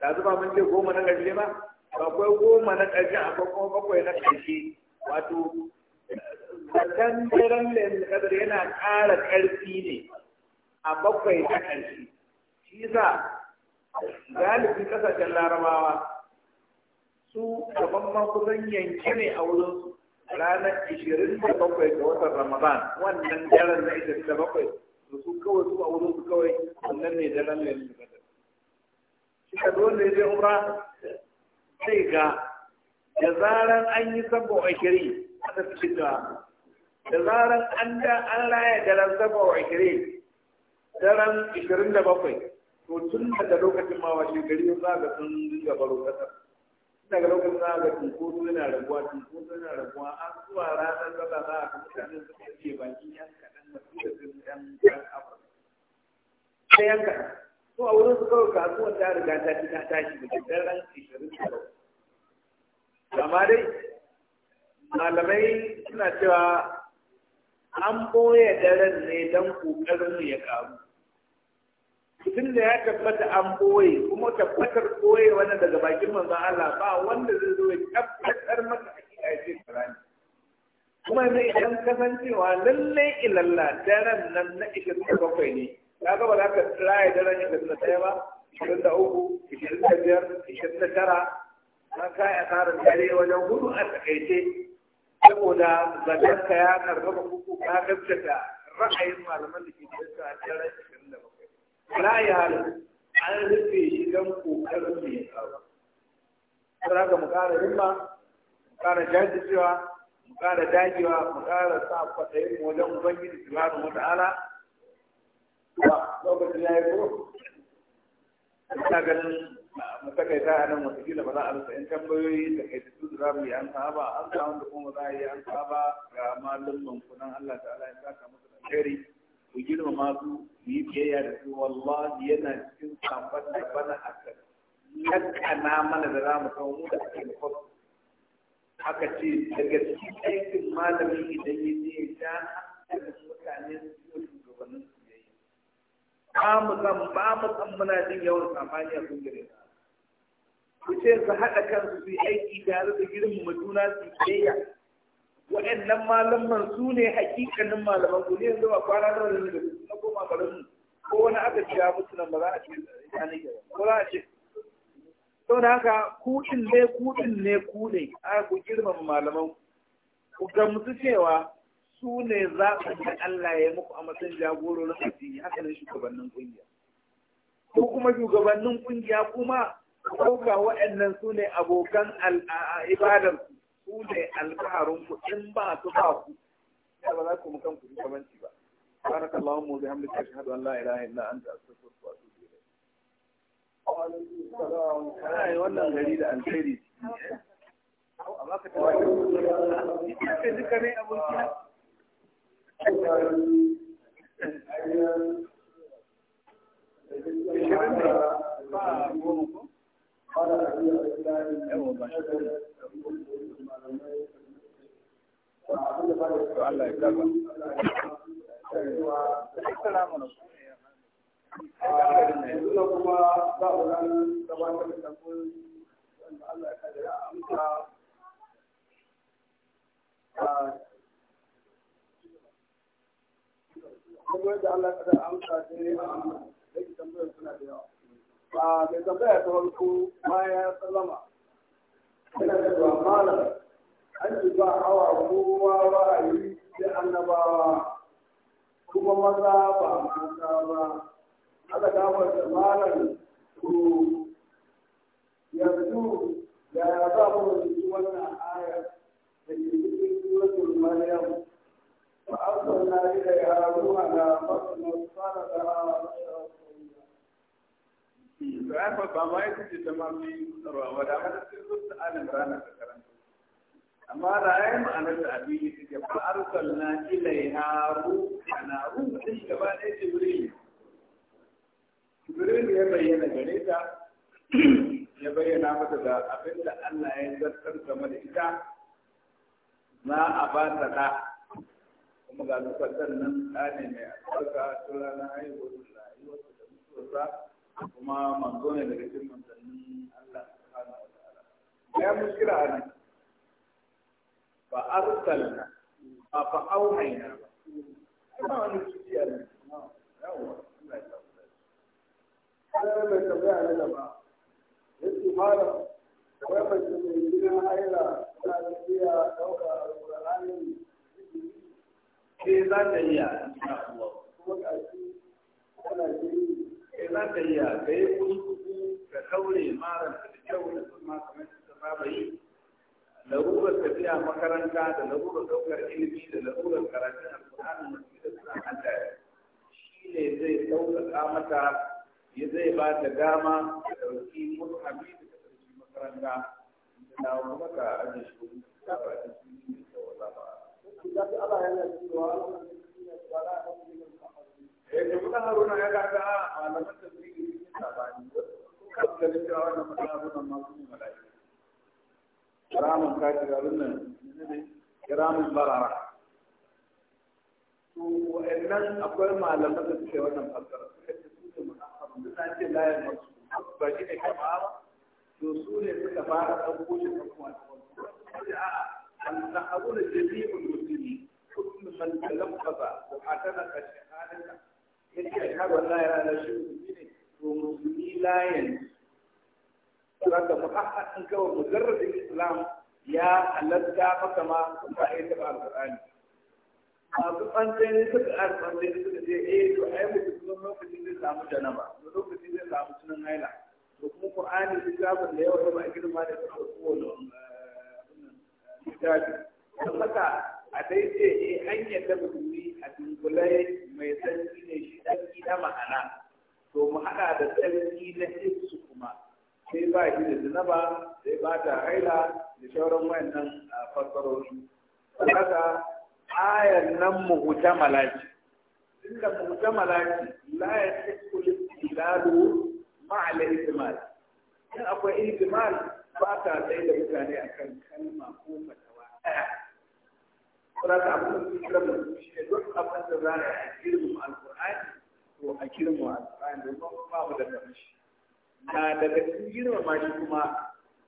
da zuba mun ce goma na ƙarshe ba akwai goma na ƙarshe akwai kuma bakwai na ƙarshe wato zaton daren da yana ƙara ƙarfi ne a bakwai na ƙarshe shi yasa galibin kasashen larabawa su gaban ma kusan yanke ne a wurin ranar ishirin da bakwai ga watan ramadan wannan daren na ishirin da bakwai da su kawai su a wurin su kawai wannan ne daren lalin da shi ka dole ya je umra sai ga da zaran an yi sabo ashirin aka fi da da zaran an da an raya daren sabo ashirin daren ishirin da bakwai to tun daga lokacin ma washe gari za ga sun dinga baro kasar daga lokacin za ga tunkoso yana raguwa tunkoso yana raguwa an zuwa ranar sallah za a ga mutanen suka ce baki yan kaɗan masu da sun yan yan afirka sai yan kaɗan to a wurin su kawai kasuwar ta riga ta ci ta tashi da gidan ran ishirin da lau amma dai malamai suna cewa an boye daren ne don ƙoƙarin ya ƙaru tun da ya tabbata an ɓoye kuma tabbatar ɓoye wannan daga bakin manzo Allah ba wanda zai zo ya tabbatar maka hakika ya ce kuma ne idan kasancewa lallai ilalla daren nan na ishirin da bakwai ne ka ga ba za ka tsaya daren ishirin da ɗaya ba ishirin da uku ishirin da biyar ishirin da tara ka ka ya asarar dare wajen hudu a takaice saboda zagarka ya karɓa kuku ka gaskata ra'ayin malaman da ke da a la yaro an rufe shi don kokarin da ya kawo sai haka mu kara himma mu kara jajircewa mu kara dagewa mu ƙara sa kwaɗayin wajen ubangiji subhanahu wa ta'ala Ba lokacin ya yi ko ta ganin mu ta takaita a nan watakila ba za a rasa in tambayoyi da kai su za mu yi an saba an samu da kuma za a yi an saba ga malumman kunan Allah ta'ala ya saka da alheri ku girmama su yi biyayya da su wallahi yana cikin saban da bana a kan kankana mana da zamu kawo mu da ake nufar haka ce daga cikin aikin malami idan ya je ya hankalin mutane su yi shugabannin su yi ba mu san ba mu san muna jin yawan safani a kungiyar ku ce su haɗa kansu su yi aiki tare da girmama juna su biyayya waɗannan malaman su ne hakikanin malaman ku ne yanzu ba kwana nawa ne da na koma garin ko wani aka ciya musu nan ba za a ce ko za a ce sau da haka kuɗin ne kuɗin ne ku ne a ku girmama malaman ku gamsu cewa su ne zaɓin da Allah ya muku a matsayin jagororin addini haka ne shugabannin ƙungiya ko kuma shugabannin ƙungiya kuma ga waɗannan su ne abokan al'adar su ku ne alfaharin ku in ba su ba ku ya ba za ku mu kanku shugabanci ba بارك اللهم وبحمدك اشهد ان لا اله الا انت استغفرك واتوب اليك. وعليكم السلام. اي والله غريب عن خيري. amma ka tawa da ita ce duka ne abokin Ishirin ne ba goma ko? Ba da to Allah ya karba assalamu alaikum yanzu kuma za mu ran gabatar da tambayoyi wanda Allah ya kaddara amsa kuma yadda Allah ya kaddara amsa dai da ke tambayar suna da yawa ba mai tambaya ta farko bayan sallama yana da malam an ba hawa kowa yi sai annabawa kuma maza ba mata ba aka damar da malam ko yanzu da ya za mu rubuci wannan ayar da ke cikin suratul maryam fa arsalna ila yaruna fasara da Ibrahim ba ma yi kuce ta mafi tsarwa wadda mata sun zuwa ta alin ranar da karanta. amma da ya yi ma'anar da abin da ke fa arsalna ilaiha ruhana da din gaba ɗaya jibril jibril ya bayyana gare ta ya bayyana mata da abin da Allah ya zartar game da ita za a ba ta da kuma ga lokacin nan ta ne mai albarka ta ranar haihuwar rayuwarsa da mutuwarsa kuma manzo ne daga cikin manzannin Allah subhanahu wa ta'ala ya mushkila ne fa arsalna a fa auhaina ba wani kici a nan yawa Allah mai tambaya na gaba ya ce malam wai mace mai gidan haila tana tafiya ɗauka alƙur'ani ke za ta iya eh, kuma ga kuma tana ke eh, ke za ta iya ka yi kuskuri ka kaure marar da kyau da kuma kamar ta mai yi larurar tafiya makaranta da larurar daukar ilimi da larurar karatun alƙur'ani masu da suna hada shi ne zai sauƙaƙa mata ya zai ba ta dama da ɗauki mutane da ta ɗauki makaranta da dawo kuma ka ajiye shi ta ba ta shi ne da wata ba. Allah yana cewa Allah ya ba da Eh, jama'a Haruna ya ga ta malaman tafsiri ne ta bani. Kuma da cewa wannan malaman masu mala'ika. kiramin kashi abin nan kiramin barara to wa'annan akwai malaman da suke wannan fassara suka ce su ne mu'akkabun duk an ce layin masu ba shi ne kama to su ne suka fara ɗan shi kan kuma ta a'a al-nahawuna jami'ul muslimi kullu man talaffaza wa hatana ka shahadata yace kai wallahi ranar shi ne to musulmi layin saboda muhakkakun kawai mujarradin islam ya halatta maka ma ba a yi taɓa alƙur'ani masu tsantsani suka a tsantsani suka ce eh to ai mutum sun lokacin zai samu janaba to lokacin zai samu sunan haila to kuma qur'ani littafin da yawa ba girma da kuma kowane eh, littafi don haka a dai ce eh hanyar da musulmi a dungulai mai tsanki ne shi tsanki na ma'ana to mu haɗa da tsanki na hissu kuma sai ba shi da zinaba sai ba ta haila da shauran a fassarorin haka ayar nan muhtamala malaki inda muhtamala ce la ya tasku istilalu ma al in akwai ihtimal ba ta tsaye da mutane akan kalma ko fatawa daya saboda abin da suke da shi duk abin da za a girmama alqur'ani ko a girmama alqur'ani don ba mu da kamshi na daga cikin girmama shi kuma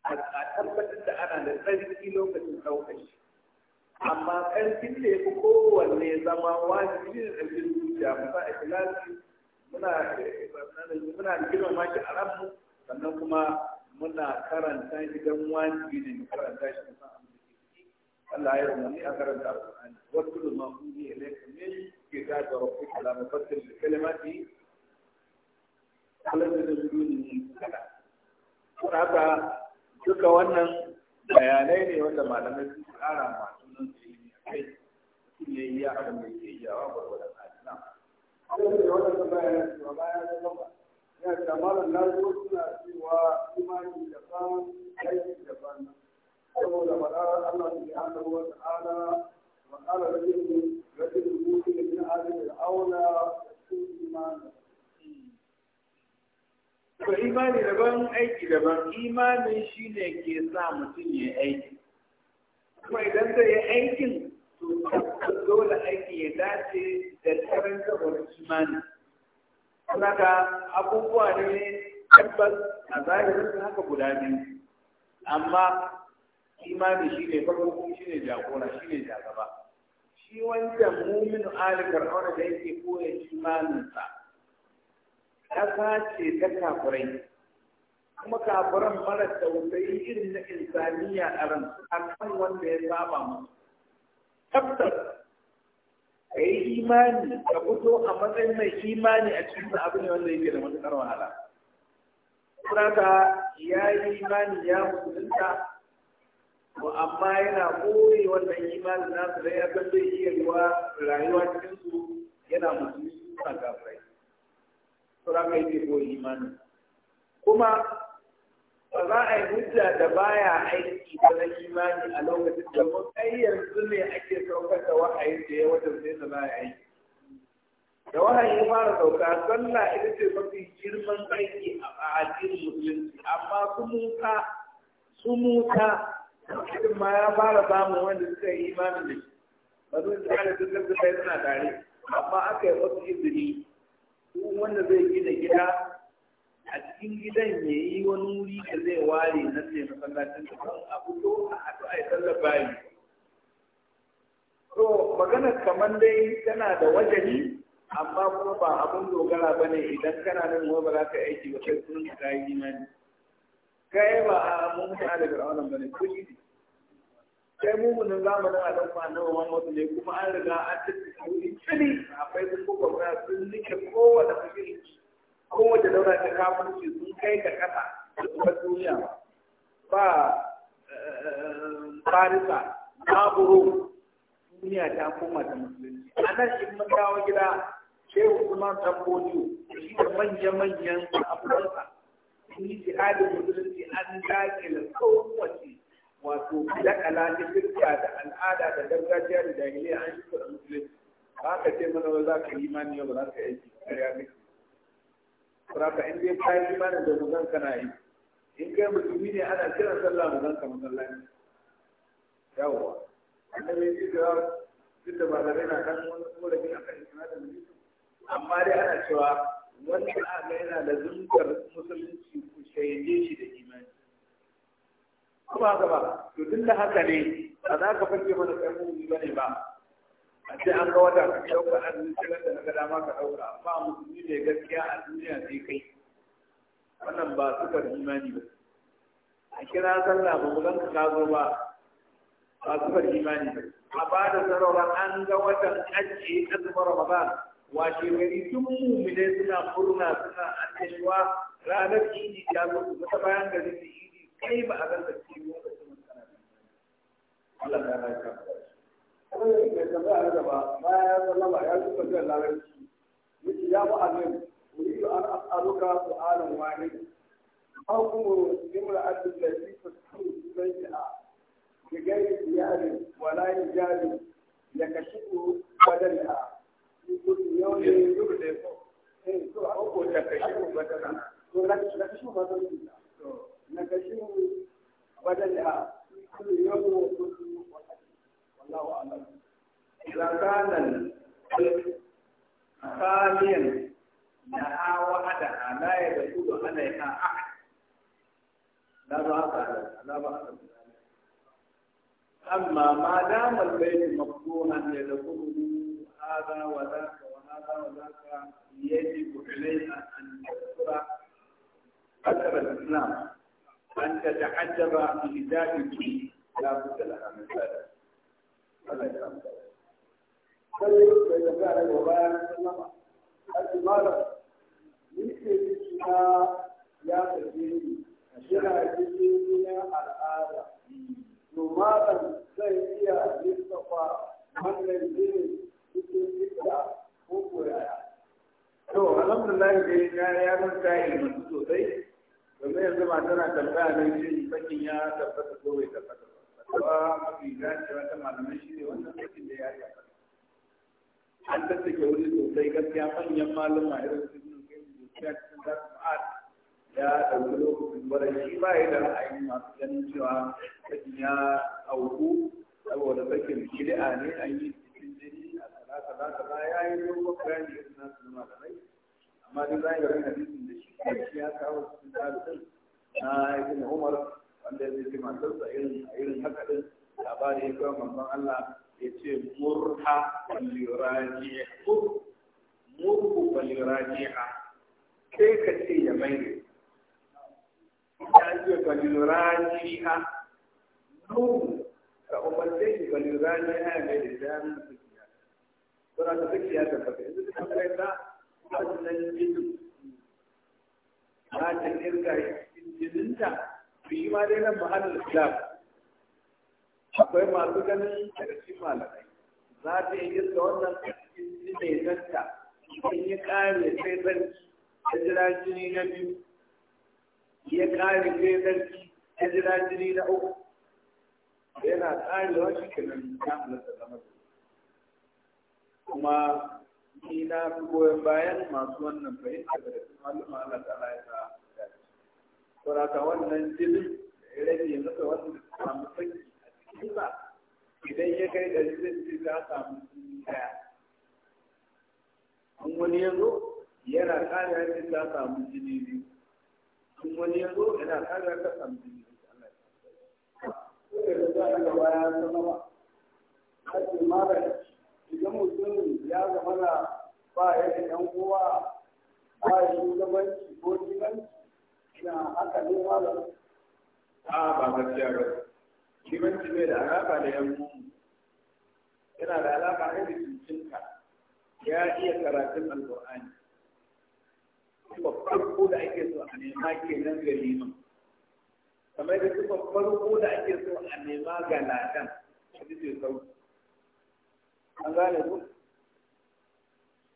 a tabbatar da ana da tsarki lokacin ɗaukar shi amma ƙarfin da ya fi kowanne zama wajibi da ƙarfin zuciya musa ikhlasi muna muna girmama shi a ranmu sannan kuma muna karanta shi don wajibi ne mu karanta shi musa Allah ya umarni a karanta Qur'ani wasu da ma'uni ilaikum min kitabi rabbika la mufassir li kalimatihi halittar da sujudi kada don haka duka wannan bayanai ne wanda malamai sun tsara masu nan da yi a kai su ne yi abin da ke yi a gwargwadon adina. Sai da wannan bayanai su ba bayan zama ya kamar na zo suna cewa imani da samun imani daban aiki daban imanin shi ne ke sa mutum ya aiki kuma idan zai yi aikin to dole aiki ya dace da tsarin gabar imani saka abubuwa ne tabbas a zahirin haka guda biyu amma imani shi ne farko shi ne jagora shi ne jagaba shi wancan muminu ali fir'auna da yake koya imaninsa ƙasa ce ta kafirai kuma kafiran mara tausayi irin na insaniya a ran a kan wanda ya saba musu tabbas A yi imani ka fito a matsayin mai imani a cikin abu ne wanda yake da matuƙar wahala kuraka ya yi imani ya musulunta to amma yana kore wannan imani nasu da ya san zai iya rayuwa cikin su yana musulunta kafirai to yi ko imani kuma ba za a yi hujja da baya aiki ba na imani a lokacin da mun ai yanzu ne ake saukar da wahayi da ya wajen sai da baya aiki da wahayi ya fara sauka sallah ita ce mafi girman aiki a addinin musulunci amma su musa su musa cikin ma ya fara samun wanda suka yi imanin da shi ba su da da suna tare amma aka yi wasu izini duk wanda zai gina gida a cikin gidan ya yi wani wuri da zai ware na sai masallacin da kan abu to a haɗu a yi sallar bayi to magana kamar dai tana da wajeni amma kuma ba abun dogara ba ne idan kana nan kuma ba za ka aiki ba kai sunan ka yi imani kai ba a mun mutane da fir'aunan ba ne ko shi sai mun zamanin a ɗauka na wa wasu ne kuma an riga an tattara wuri tsiri akwai sun kuka kafirci sun kai ka kasa da kuma duniya ba eh, farisa babu duniya ta koma ta musulunci a nan in mun dawo gida shehu usman tambodiyo shi da manya-manyan afirka sun yi jihadin musulunci an tsohon kowace wato dakala ta firka da al'ada da gargajiya da jahiliya an shi da musulunci ba ka ce mana za ka yi imani ba za ka yi aiki kariya ne Saka in dai kayi imanin da muzan kana yi, in kai musulmi ne ana kiran sallah muzan ka musallaci. Yawwa, annabi ya ce cewa duk da malamai na kan wani korafi a kan imanin musulmi. Amma dai ana cewa wani ga yana da zuntar musulunci ku shaide shi da imani. Kuma haka ba, to tun da haka ne ba za ka fage mana kai mu ba ne ba, a ce an ga wata ka ɗauka azumin cikin da daga dama ka ɗauka ba musulmi ne gaskiya a duniya sai kai wannan ba suka imani ba a kira sallah ba mu ganka ka zo ba ba suka imani ba a ba da sarara an ga watan ajiye azumin ramadan washe gari tun mumine suna furna suna annashuwa ranar idi ta zo su ta bayan gari da idi kai ba a ganka cikin lokacin mutane Allah ya rayuwa wanda yake tambaya na gaba bayan ya sallama ya zuba jiran larabci yake ya mu amin uridu an as'aluka su'alan wahid hukumu imra'atin lati tasku sayyi'a bi ghairi diyari wa la yajari yakashifu badalha fi kulli yawmin yubdifu eh to ko yakashifu badalha to yakashifu badalha to yakashifu badalha kulli yawmin yubdifu wallahu a'lam idan kana khaliyan da hawa hada la ya da kudu ana ya ahad la ba ka amma ma dama albayt maqbulan ya da الإسلام أن تتحجب بإيجاد لا بد لها من ذلك sai bai da malam ni ya tafi yana ciki al'ada to malam zai iya lissafa wannan jini cikin to alhamdulillah da ya ya mun sosai domin yanzu ma tana tambaya ne shi fakin ya tabbata ko bai tabbata ba ba mafi dacewa ta malamai shi ne wannan sakin da ya yi an tattake wuri sosai gaskiya manyan malama irin su ibn qayyim da cikin zasu ma'ad ya dauki lokacin gwada shi ba ya da ra'ayi masu ganin cewa sakin ya auku saboda sakin shari'a ne an yi cikin jini a kaza kaza kaza ya yi dogon bayani irin nasu na malamai amma duk zahirin hadisin da shi ya kawo cikin tarihin na ibn umar wanda zai ce matarsa a irin haka din labari ya kawo manzon Allah ya ce murha baliraji'a murhu baliraji'a sai ka ce ya mai ya ce baliraji'a nuru ka umarce shi baliraji'a ya mai da jami'in tafiya. Sura ta tafiya ta fata, yanzu ta kai ta wannan jinin za ta irga cikin jininta shi ma dai nan mahallin islam akwai masu ganin daga cikin malamai za ta yi yadda wannan jini mai zanta in ya kare sai zarki ya jira jini na biyu ya kare sai zarki ya jira jini na uku yana karewa shi kenan ya halatta zama kuma ni na fi goyon bayan masu wannan fahimta da cikin malama Allah ta ya sa saboda wannan jinin rage masa wanda samu sanyi a cikinsa idan ya kai ɗari zai ce ta samu jini ɗaya An wani ya zo yana ƙara ya ce ta samu jini biyu an wani ya zo yana ƙara ya ta samu jini biyu Allah ya sa baya sama ba kace malam idan mutum ya zama ba yadda da yan uwa ba shi gabanci ko gidanci Ina a ba gaskiya ba limanci bai da alaƙa da yan mumu yana da alaƙa ne da cincinka ya iya karatun alƙur'ani kuma farko da ake so a nema kenan ga liman kamar da kuma farko da ake so a nema ga ladan a cikin sauki an gane ku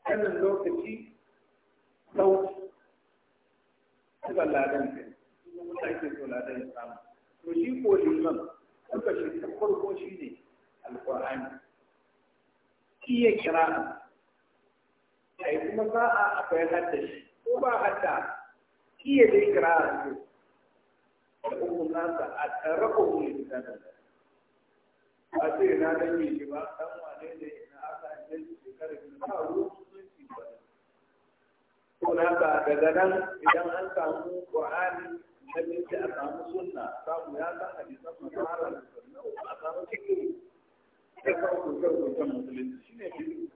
wannan lokaci sauki suka ladan kai wanda ake so ladan ya samu to shi ko liman shi ta farko shi ne alƙur'ani iya kira a yi kuma akwai hadda shi ko ba hadda iya dai kira a yi da nasa a tsara ko kuma ita ba sai na dan yi ba dan wane ne na aka yi shekarar da ta Kunaka daga nan idan an samu Qur'ani na minti a samu sunna samu ya san hadisan masara da sunna a samu cikin da kawo kusurkutan musulunci shi ne fiye.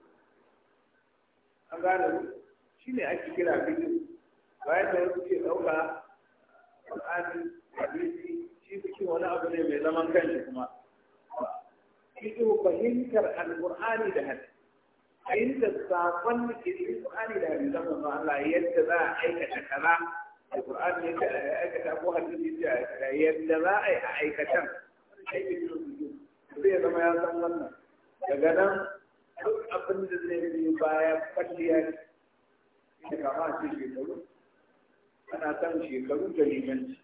An gane shi ne ake kira fiye. Bayan da wasu ke ɗauka Qur'ani hadisi shi suke wani abu ne mai zaman kanshi kuma. Fiye fahimtar Al-Qur'ani da hadisi. inda sakon da ke cikin Qur'ani da hadisan manzon Allah yadda za a aikata kaza da Qur'ani yadda a aikata ko hadisi da yadda za a yi a aikatan aikin rubutu zai zama ya san wannan daga nan duk abin da zai biyo baya kwalliya ne kama a ce shekaru ana san shekaru da limanci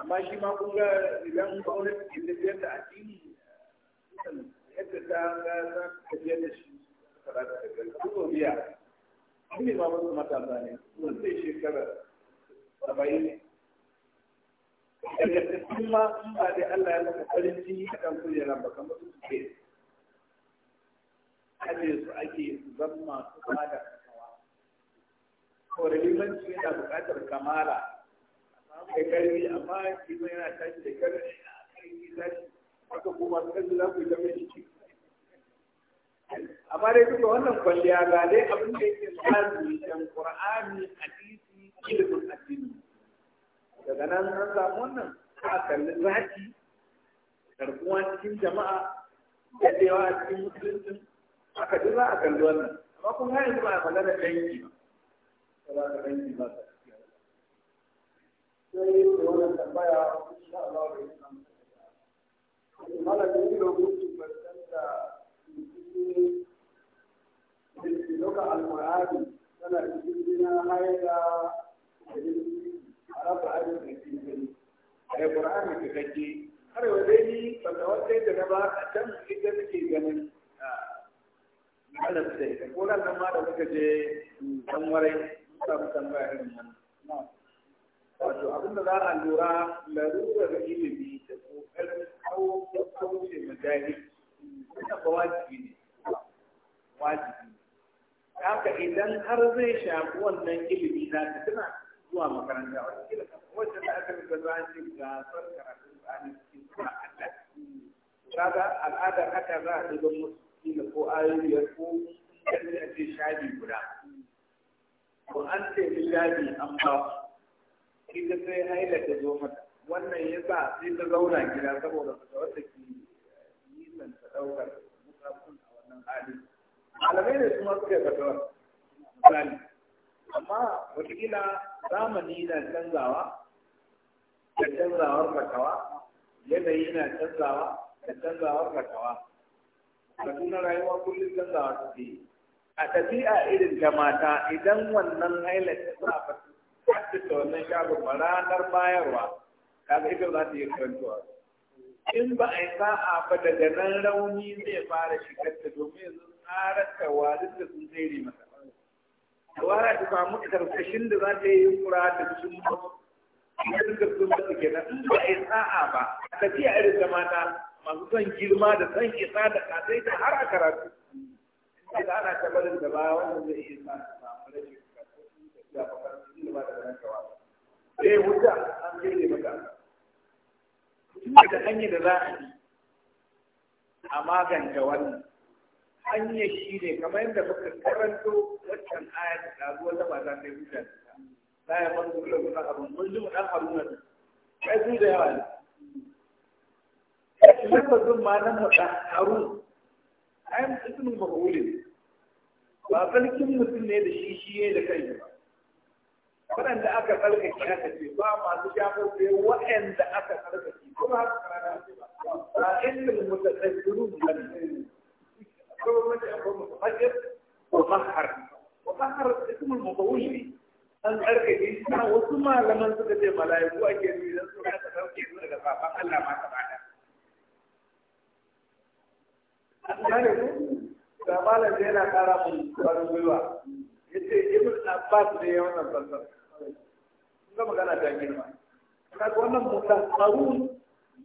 amma shi ma kun ga idan gwamnati ke tafiyar da addini yadda ta ga ta tafiyar da shi faɗa ta daga kuma biya shi ne babu su matasa ne sun sai shekara saba'in daga cikin ma in ba dai Allah ya saka farin jini a kan kujera ba kamar su ke aje su ake zama su zan masu ba da kasawa kawai limanci yana buƙatar kamala da karfi amma kima yana tashi da karfi a kai tashi haka kuma kan za ku zama shi amma dai duka wannan kwalliya ga dai abin da yake mazi dan qur'ani hadisi ilimin addini daga nan an samu wannan a kalli zaki karbuwa cikin jama'a daɗewa a cikin musulunci aka ji za a kalli wannan amma kun har yanzu ba a da dangi ba ba ka dangi ba ta sai wannan tambaya insha Allah da yin amma malamin yi da hukuncin da cikin al tana cikin jina hayar da arabu ajin da ke gani alkur'ani ta kake har yau dai ni wata yadda na ba a can ita nake ganin sai ah, da ko nan ma da muka je warai irin wato abin za a lura larurar ilimi da kokarin kawo kauce majahil wannan ba wajibi ne wajibi haka idan har zai shafi wannan ilimi na ta tana zuwa makaranta wani kila wacce da aka rubuta a ce gasar karatun tsani cikin suna Allah kaga al'adar haka za a ɗiban musu kila ko ayoyi ko kalli a ce shaɗi guda ko an ce lillahi an ba ita sai haila ta zo mata wannan ya sa sai ta zauna gida saboda ta wata ke nisan ta ɗaukar mutakun a wannan halin malamai ne su masu kai fatawar misali amma watakila zamani na canzawa da canzawar fatawa yanayi na canzawa da canzawar fatawa batu na rayuwa kullum canzawa su ke a tafiya irin da mata idan wannan hailar ta sa ba ta wannan shagon ba ranar bayarwa kaga ita za ta yi karantuwa in ba a yi sa'a ba daga nan rauni zai fara shigar ta domin yanzu ƙarar tawarin da sun tsere masa tawara ta samu karkashin da za ta yi kura da cikin masu idan ka sun da suke na in ba a yi sa'a ba a tafiya irin da mata masu son girma da son isa da kasai ta har a karatu da ana tabarin da ba wanda zai iya sa ta samu rashin karatu da ba karatu da ba da ran tawara eh wuta an gire maka tun da hanyar da za a yi a magance wannan hanyar shi ne kamar yadda muka karanto waccan aya da ɗazu da ba za ta yi hujja da ta ba ya man da gurla abin mun ji mu ɗan haruna ne kai su da yawa ne lafazin ma na muɗa harun ai mutumin mahulin ba sarkin mutum ne da shi shi ne da kai ba waɗanda aka tsarkake aka ce ba masu shafar sai waɗanda aka tsarkake kuma haka kana ba ba ilmin mutasakkiru ba. هو متفجر وقهر وقهر اسم المطول an karka shi na wasu malaman suka ce mala'iku ake nufi don su kasa ɗauke su daga kafan Allah ma gaba da. An gane ku? Ga malam da yana ƙara mun ƙwarin gwiwa. Ya ce Ibn Abbas ne ya wannan fasar. Sun ga magana ta girma. Kaga wannan mutasarun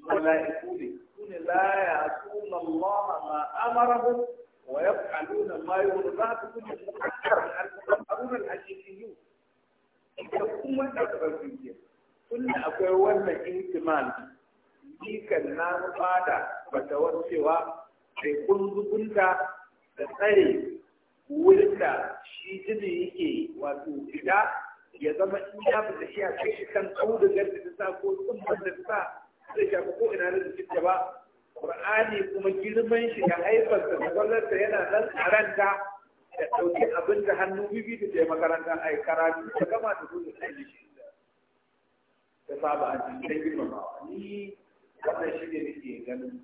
mala'iku ne. Sune la ya suna Allah ma amarahum ويفعلون ما يرضى تكون أكثر الأمر الحقيقي إذا كم الأكبر akwai wannan ولا إهتمام dikan na fada ba ta warcewa sai kun zubunta da tsare wurin da shi jini yake wato gida ya zama in ya fita shi a kai shi kan audugar da ta ko tsumbar da ta sa zai shafi ko ina da jikinta ba Kur'ani kuma girman shi da haifarsa da gwamnati yana nan a ranta da ɗauki abin da hannu bibi da ta makaranta a yi karatu ta gama da zuwa ta yi shi da saba a cikin ta girmamawa ni wannan shi ne nake ganin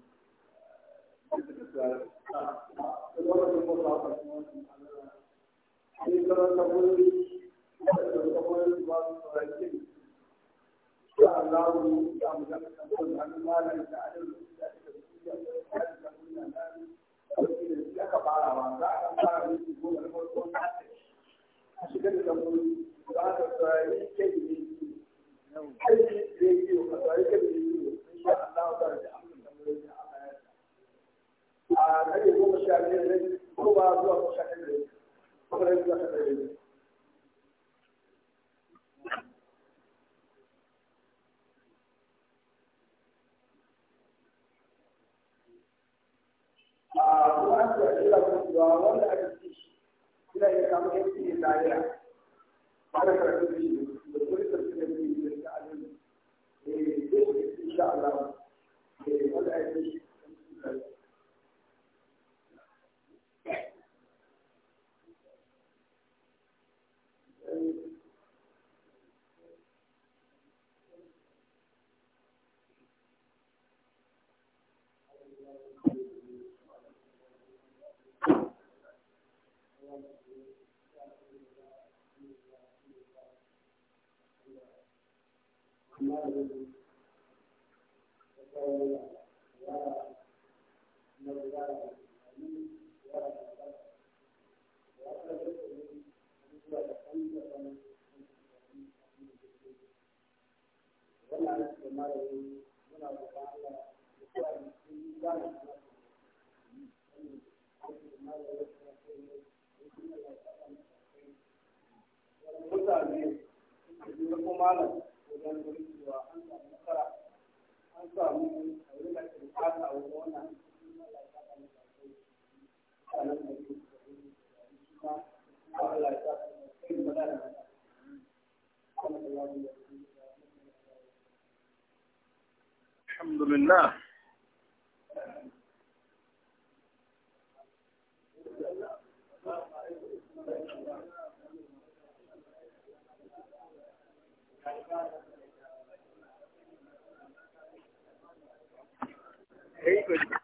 Allah ya mu da kan da malam da adalci ba za a fara miki ko da farko na ta a shigar da mu za ka tsari kai ne kai ne ke ka tsari kai ne insha Allah za ka amsa tambayoyin da Allah ya sa a kare goma sha biyar ne ko ba zuwa sha biyar ne ko ba zuwa sha biyar ne a kuma an da ila kuma shi ne da shi kuma ke shi mutane da kuma gane wurin cewa an samu nasara an samu a wurin da ke fata a wurin wannan الحمد لله Thank you. ਠੀਕ ਹੋ ਜੀ